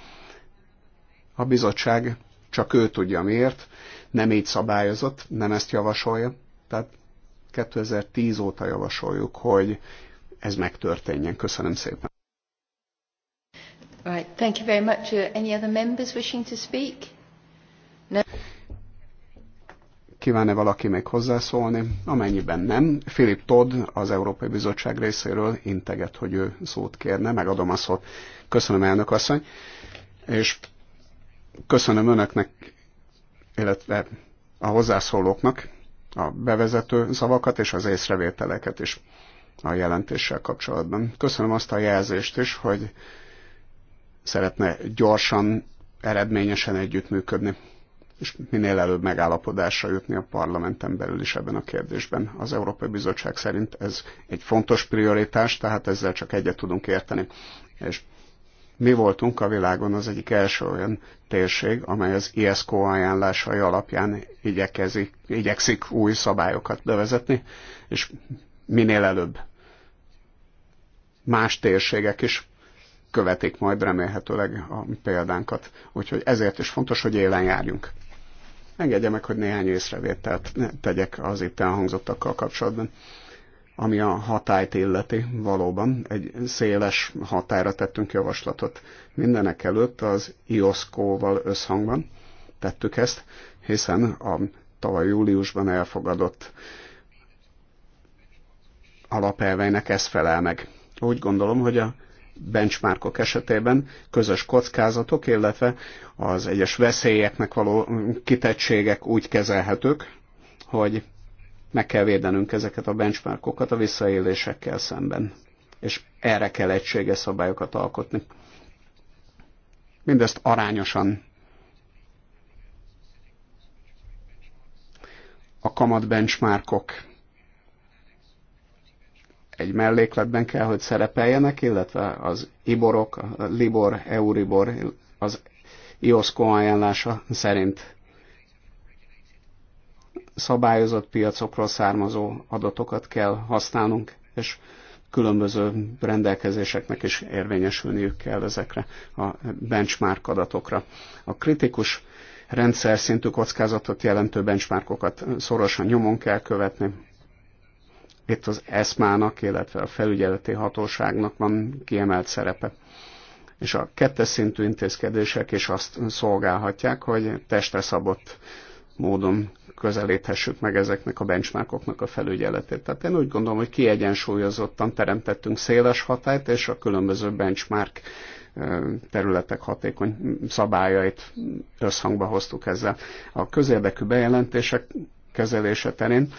A bizottság csak ő tudja miért, nem így szabályozott, nem ezt javasolja. Tehát 2010 óta javasoljuk, hogy ez megtörténjen. Köszönöm szépen. Right. Thank you very much. Uh, any other members wishing to speak? No. Kíván-e valaki még hozzászólni? Amennyiben nem, Philip Todd az Európai Bizottság részéről integet, hogy ő szót kérne, megadom a szót. Köszönöm, elnök asszony, és köszönöm önöknek illetve a hozzászólóknak a bevezető szavakat és az észrevételeket is a jelentéssel kapcsolatban. Köszönöm azt a jelzést is, hogy szeretne gyorsan, eredményesen együttműködni, és minél előbb megállapodásra jutni a parlamenten belül is ebben a kérdésben. Az Európai Bizottság szerint ez egy fontos prioritás, tehát ezzel csak egyet tudunk érteni, és mi voltunk a világon az egyik első olyan térség, amely az ISCO ajánlásai alapján igyekezik, igyekszik új szabályokat bevezetni, és minél előbb más térségek is követik majd remélhetőleg a példánkat. Úgyhogy ezért is fontos, hogy élen járjunk. Engedje meg, hogy néhány észrevételt tegyek az itt elhangzottakkal kapcsolatban. Ami a hatályt illeti, valóban egy széles határa tettünk javaslatot. Mindenek előtt az IOSCO-val összhangban tettük ezt, hiszen a tavaly júliusban elfogadott alapelveinek ez felel meg. Úgy gondolom, hogy a benchmarkok esetében közös kockázatok, illetve az egyes veszélyeknek való kitettségek úgy kezelhetők, hogy meg kell védenünk ezeket a benchmarkokat a visszaélésekkel szemben, és erre kell egységes szabályokat alkotni. Mindezt arányosan a kamat benchmarkok egy mellékletben kell, hogy szerepeljenek, illetve az Iborok, a Libor, Euribor, az IOSCO ajánlása szerint szabályozott piacokról származó adatokat kell használnunk, és különböző rendelkezéseknek is érvényesülniük kell ezekre a benchmark adatokra. A kritikus rendszer szintű kockázatot jelentő benchmarkokat szorosan nyomon kell követni. Itt az ESMA-nak, illetve a felügyeleti hatóságnak van kiemelt szerepe. És a kettes szintű intézkedések is azt szolgálhatják, hogy testre szabott módon közelíthessük meg ezeknek a benchmarkoknak a felügyeletét. Tehát én úgy gondolom, hogy kiegyensúlyozottan teremtettünk széles hatályt, és a különböző benchmark területek hatékony szabályait összhangba hoztuk ezzel. A közérdekű bejelentések kezelése terén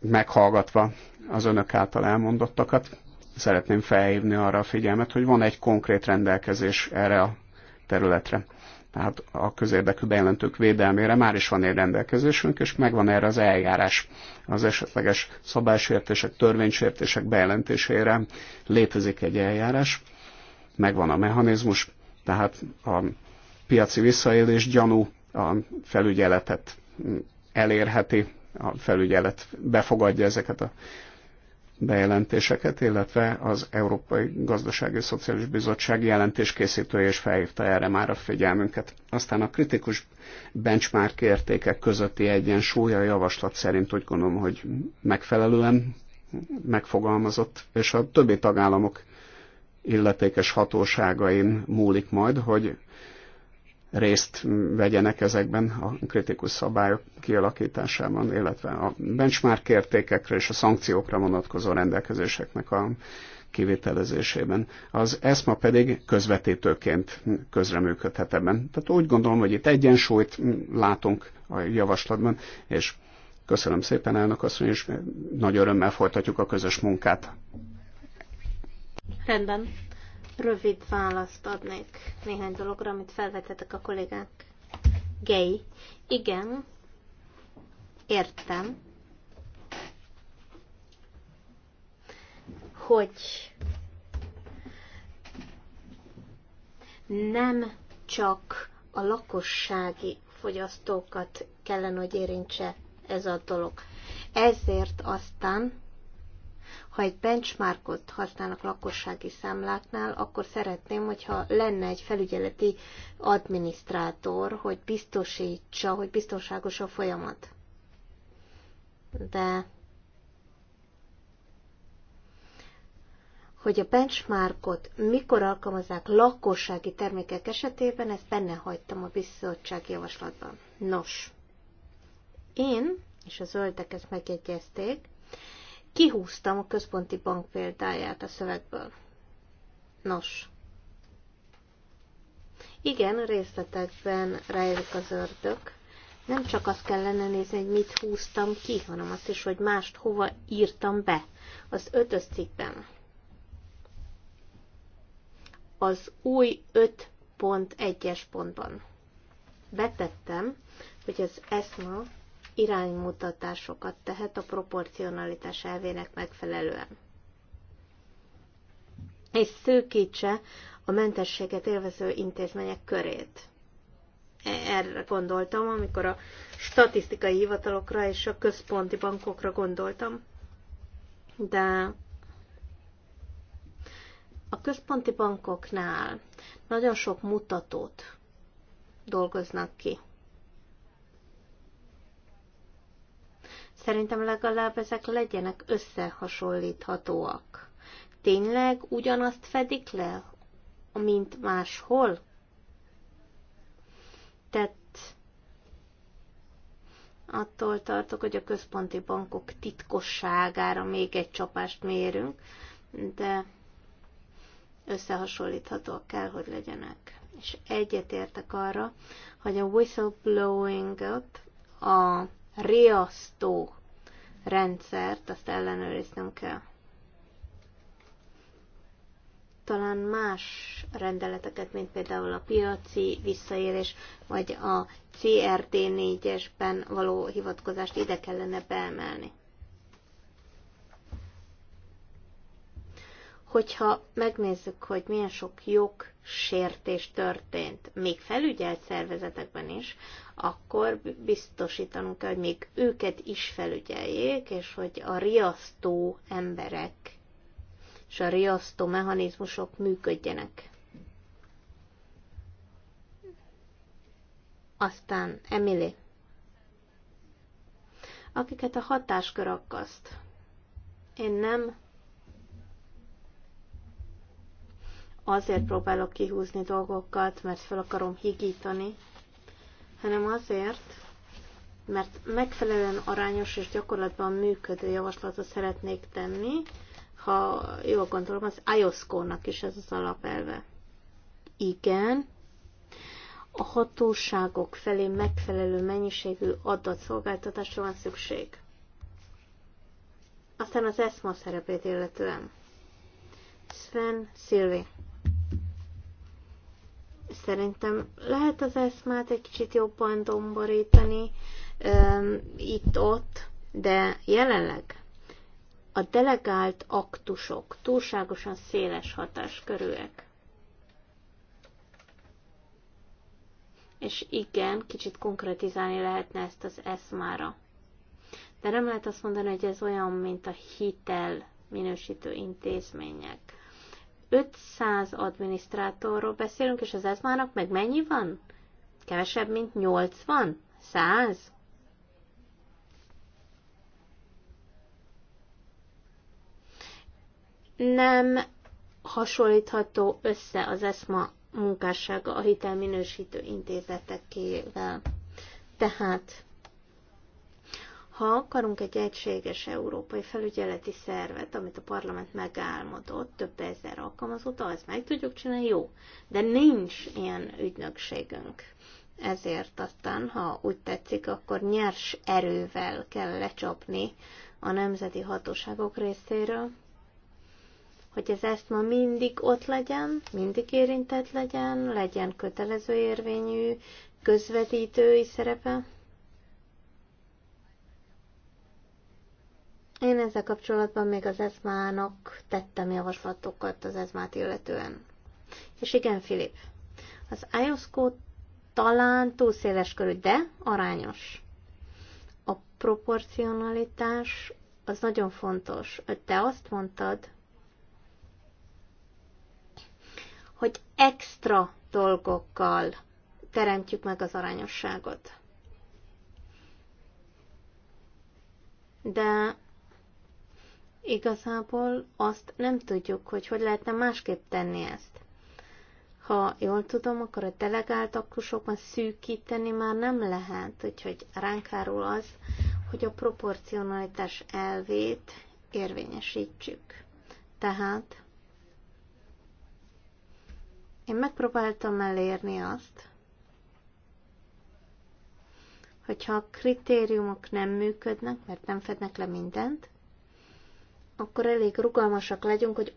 meghallgatva az önök által elmondottakat, szeretném felhívni arra a figyelmet, hogy van egy konkrét rendelkezés erre a területre. Tehát a közérdekű bejelentők védelmére már is van egy rendelkezésünk, és megvan erre az eljárás az esetleges szabálysértések, törvénysértések bejelentésére létezik egy eljárás, megvan a mechanizmus, tehát a piaci visszaélés gyanú a felügyeletet elérheti, a felügyelet befogadja ezeket a bejelentéseket, illetve az Európai Gazdasági Szociális Bizottság jelentéskészítője is felhívta erre már a figyelmünket. Aztán a kritikus benchmark értékek közötti egyensúly a javaslat szerint úgy gondolom, hogy megfelelően megfogalmazott, és a többi tagállamok illetékes hatóságain múlik majd, hogy részt vegyenek ezekben a kritikus szabályok kialakításában, illetve a benchmark értékekre és a szankciókra vonatkozó rendelkezéseknek a kivitelezésében. Az ESMA pedig közvetítőként közreműködhet ebben. Tehát úgy gondolom, hogy itt egyensúlyt látunk a javaslatban, és köszönöm szépen elnök asszony, és nagy örömmel folytatjuk a közös munkát. Rendben rövid választ adnék néhány dologra, amit felvetettek a kollégák. Gay. Igen, értem, hogy nem csak a lakossági fogyasztókat kellene, hogy érintse ez a dolog. Ezért aztán ha egy benchmarkot használnak lakossági számláknál, akkor szeretném, hogyha lenne egy felügyeleti adminisztrátor, hogy biztosítsa, hogy biztonságos a folyamat. De hogy a benchmarkot mikor alkalmazzák lakossági termékek esetében, ezt benne hagytam a bizottság javaslatban. Nos, én és a zöldek ezt megjegyezték, Kihúztam a központi bank példáját a szövegből. Nos. Igen, részletekben rejlik az ördög. Nem csak azt kellene nézni, hogy mit húztam ki, hanem azt is, hogy mást hova írtam be. Az ötös cikkben. Az új 5.1-es pontban. Betettem, hogy az ESMA iránymutatásokat tehet a proporcionalitás elvének megfelelően. És szűkítse a mentességet élvező intézmények körét. Erre gondoltam, amikor a statisztikai hivatalokra és a központi bankokra gondoltam. De a központi bankoknál nagyon sok mutatót dolgoznak ki Szerintem legalább ezek legyenek összehasonlíthatóak. Tényleg ugyanazt fedik le, mint máshol? Tehát attól tartok, hogy a központi bankok titkosságára még egy csapást mérünk, de összehasonlíthatóak kell, hogy legyenek. És egyetértek arra, hogy a whistleblowing-ot a riasztó rendszert, azt ellenőriznem kell. Talán más rendeleteket, mint például a piaci visszaérés, vagy a CRT 4-esben való hivatkozást ide kellene beemelni. hogyha megnézzük, hogy milyen sok jogsértés történt, még felügyelt szervezetekben is, akkor biztosítanunk kell, hogy még őket is felügyeljék, és hogy a riasztó emberek és a riasztó mechanizmusok működjenek. Aztán Emily, akiket a hatáskör akaszt. Én nem azért próbálok kihúzni dolgokat, mert fel akarom higítani, hanem azért, mert megfelelően arányos és gyakorlatban működő javaslatot szeretnék tenni, ha jól gondolom, az IOSCO-nak is ez az alapelve. Igen, a hatóságok felé megfelelő mennyiségű adatszolgáltatásra van szükség. Aztán az ESMA szerepét illetően. Sven Szilvi. Szerintem lehet az eszmát egy kicsit jobban domborítani itt-ott, de jelenleg a delegált aktusok túlságosan széles hatáskörűek. És igen, kicsit konkretizálni lehetne ezt az eszmára. De nem lehet azt mondani, hogy ez olyan, mint a hitel minősítő intézmények. 500 adminisztrátorról beszélünk, és az ezmának meg mennyi van? Kevesebb, mint 80? 100? Nem hasonlítható össze az ESMA munkássága a hitelminősítő intézetekével. Tehát ha akarunk egy egységes európai felügyeleti szervet, amit a parlament megálmodott több ezer alkalmazott, azt meg tudjuk csinálni, jó. De nincs ilyen ügynökségünk. Ezért aztán, ha úgy tetszik, akkor nyers erővel kell lecsapni a nemzeti hatóságok részéről, hogy ez ezt ma mindig ott legyen, mindig érintett legyen, legyen kötelező érvényű közvetítői szerepe. Én ezzel kapcsolatban még az ezmának tettem javaslatokat az ezmát illetően. És igen, Filip, az IOSCO talán túl széles körű, de arányos. A proporcionalitás az nagyon fontos. Te azt mondtad, hogy extra dolgokkal teremtjük meg az arányosságot. De igazából azt nem tudjuk, hogy hogy lehetne másképp tenni ezt. Ha jól tudom, akkor a delegált aktusokban szűkíteni már nem lehet, úgyhogy ránk árul az, hogy a proporcionalitás elvét érvényesítsük. Tehát én megpróbáltam elérni azt, hogyha a kritériumok nem működnek, mert nem fednek le mindent, akkor elég rugalmasak legyünk, hogy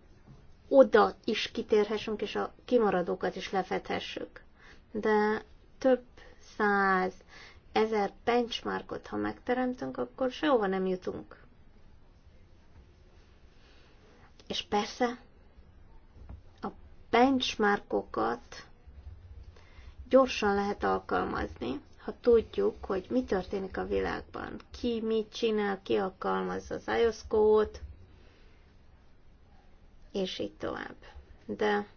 oda is kitérhessünk, és a kimaradókat is lefethessük. De több száz, ezer benchmarkot, ha megteremtünk, akkor sehova nem jutunk. És persze, a benchmarkokat gyorsan lehet alkalmazni, ha tudjuk, hogy mi történik a világban, ki mit csinál, ki alkalmazza az iOS kódot, és így tovább. De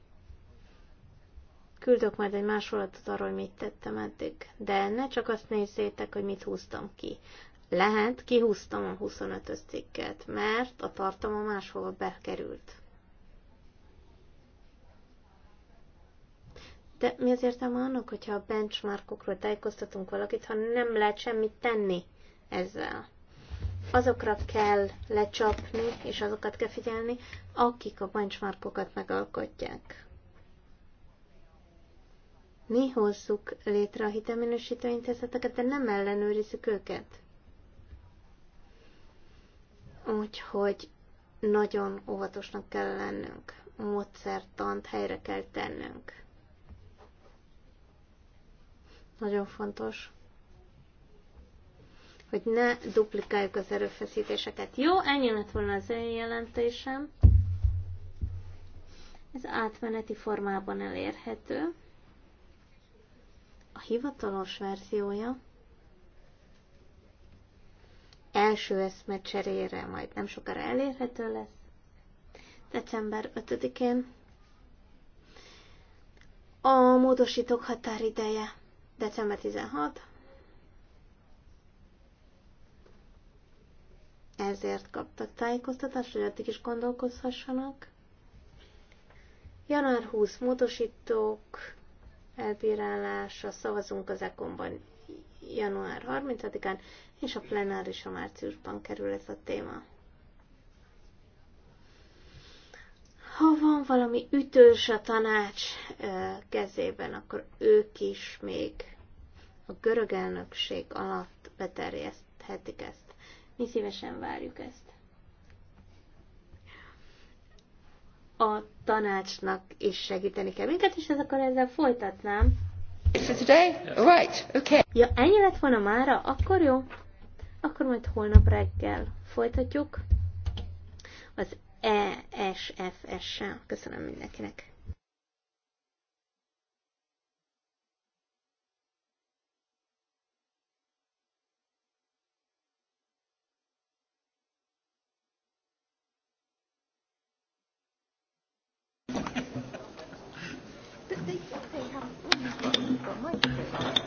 küldök majd egy másolatot arról, hogy mit tettem eddig. De ne csak azt nézzétek, hogy mit húztam ki. Lehet, kihúztam a 25 cikket, mert a tartalma máshova bekerült. De mi az értelme annak, hogyha a benchmarkokról tájékoztatunk valakit, ha nem lehet semmit tenni ezzel? azokra kell lecsapni, és azokat kell figyelni, akik a benchmarkokat megalkotják. Mi hozzuk létre a hitelminősítő intézeteket, de nem ellenőrizzük őket. Úgyhogy nagyon óvatosnak kell lennünk, módszertant helyre kell tennünk. Nagyon fontos, hogy ne duplikáljuk az erőfeszítéseket. Jó, ennyi lett volna az én jelentésem. Ez átmeneti formában elérhető. A hivatalos verziója első eszmecserére majd nem sokára elérhető lesz. December 5-én a módosítók határideje december 16, ezért kaptak tájékoztatást, hogy addig is gondolkozhassanak. Január 20 módosítók elbírálása, szavazunk az ekonban január 30-án, és a plenáris a márciusban kerül ez a téma. Ha van valami ütős a tanács kezében, akkor ők is még a görög elnökség alatt beterjeszthetik ezt. Mi szívesen várjuk ezt. A tanácsnak is segíteni kell minket, és ez akkor ezzel folytatnám. For today? Right, okay. Ja, ennyi lett volna mára? Akkor jó. Akkor majd holnap reggel folytatjuk az ESFS-sel. Köszönöm mindenkinek. akkor majd.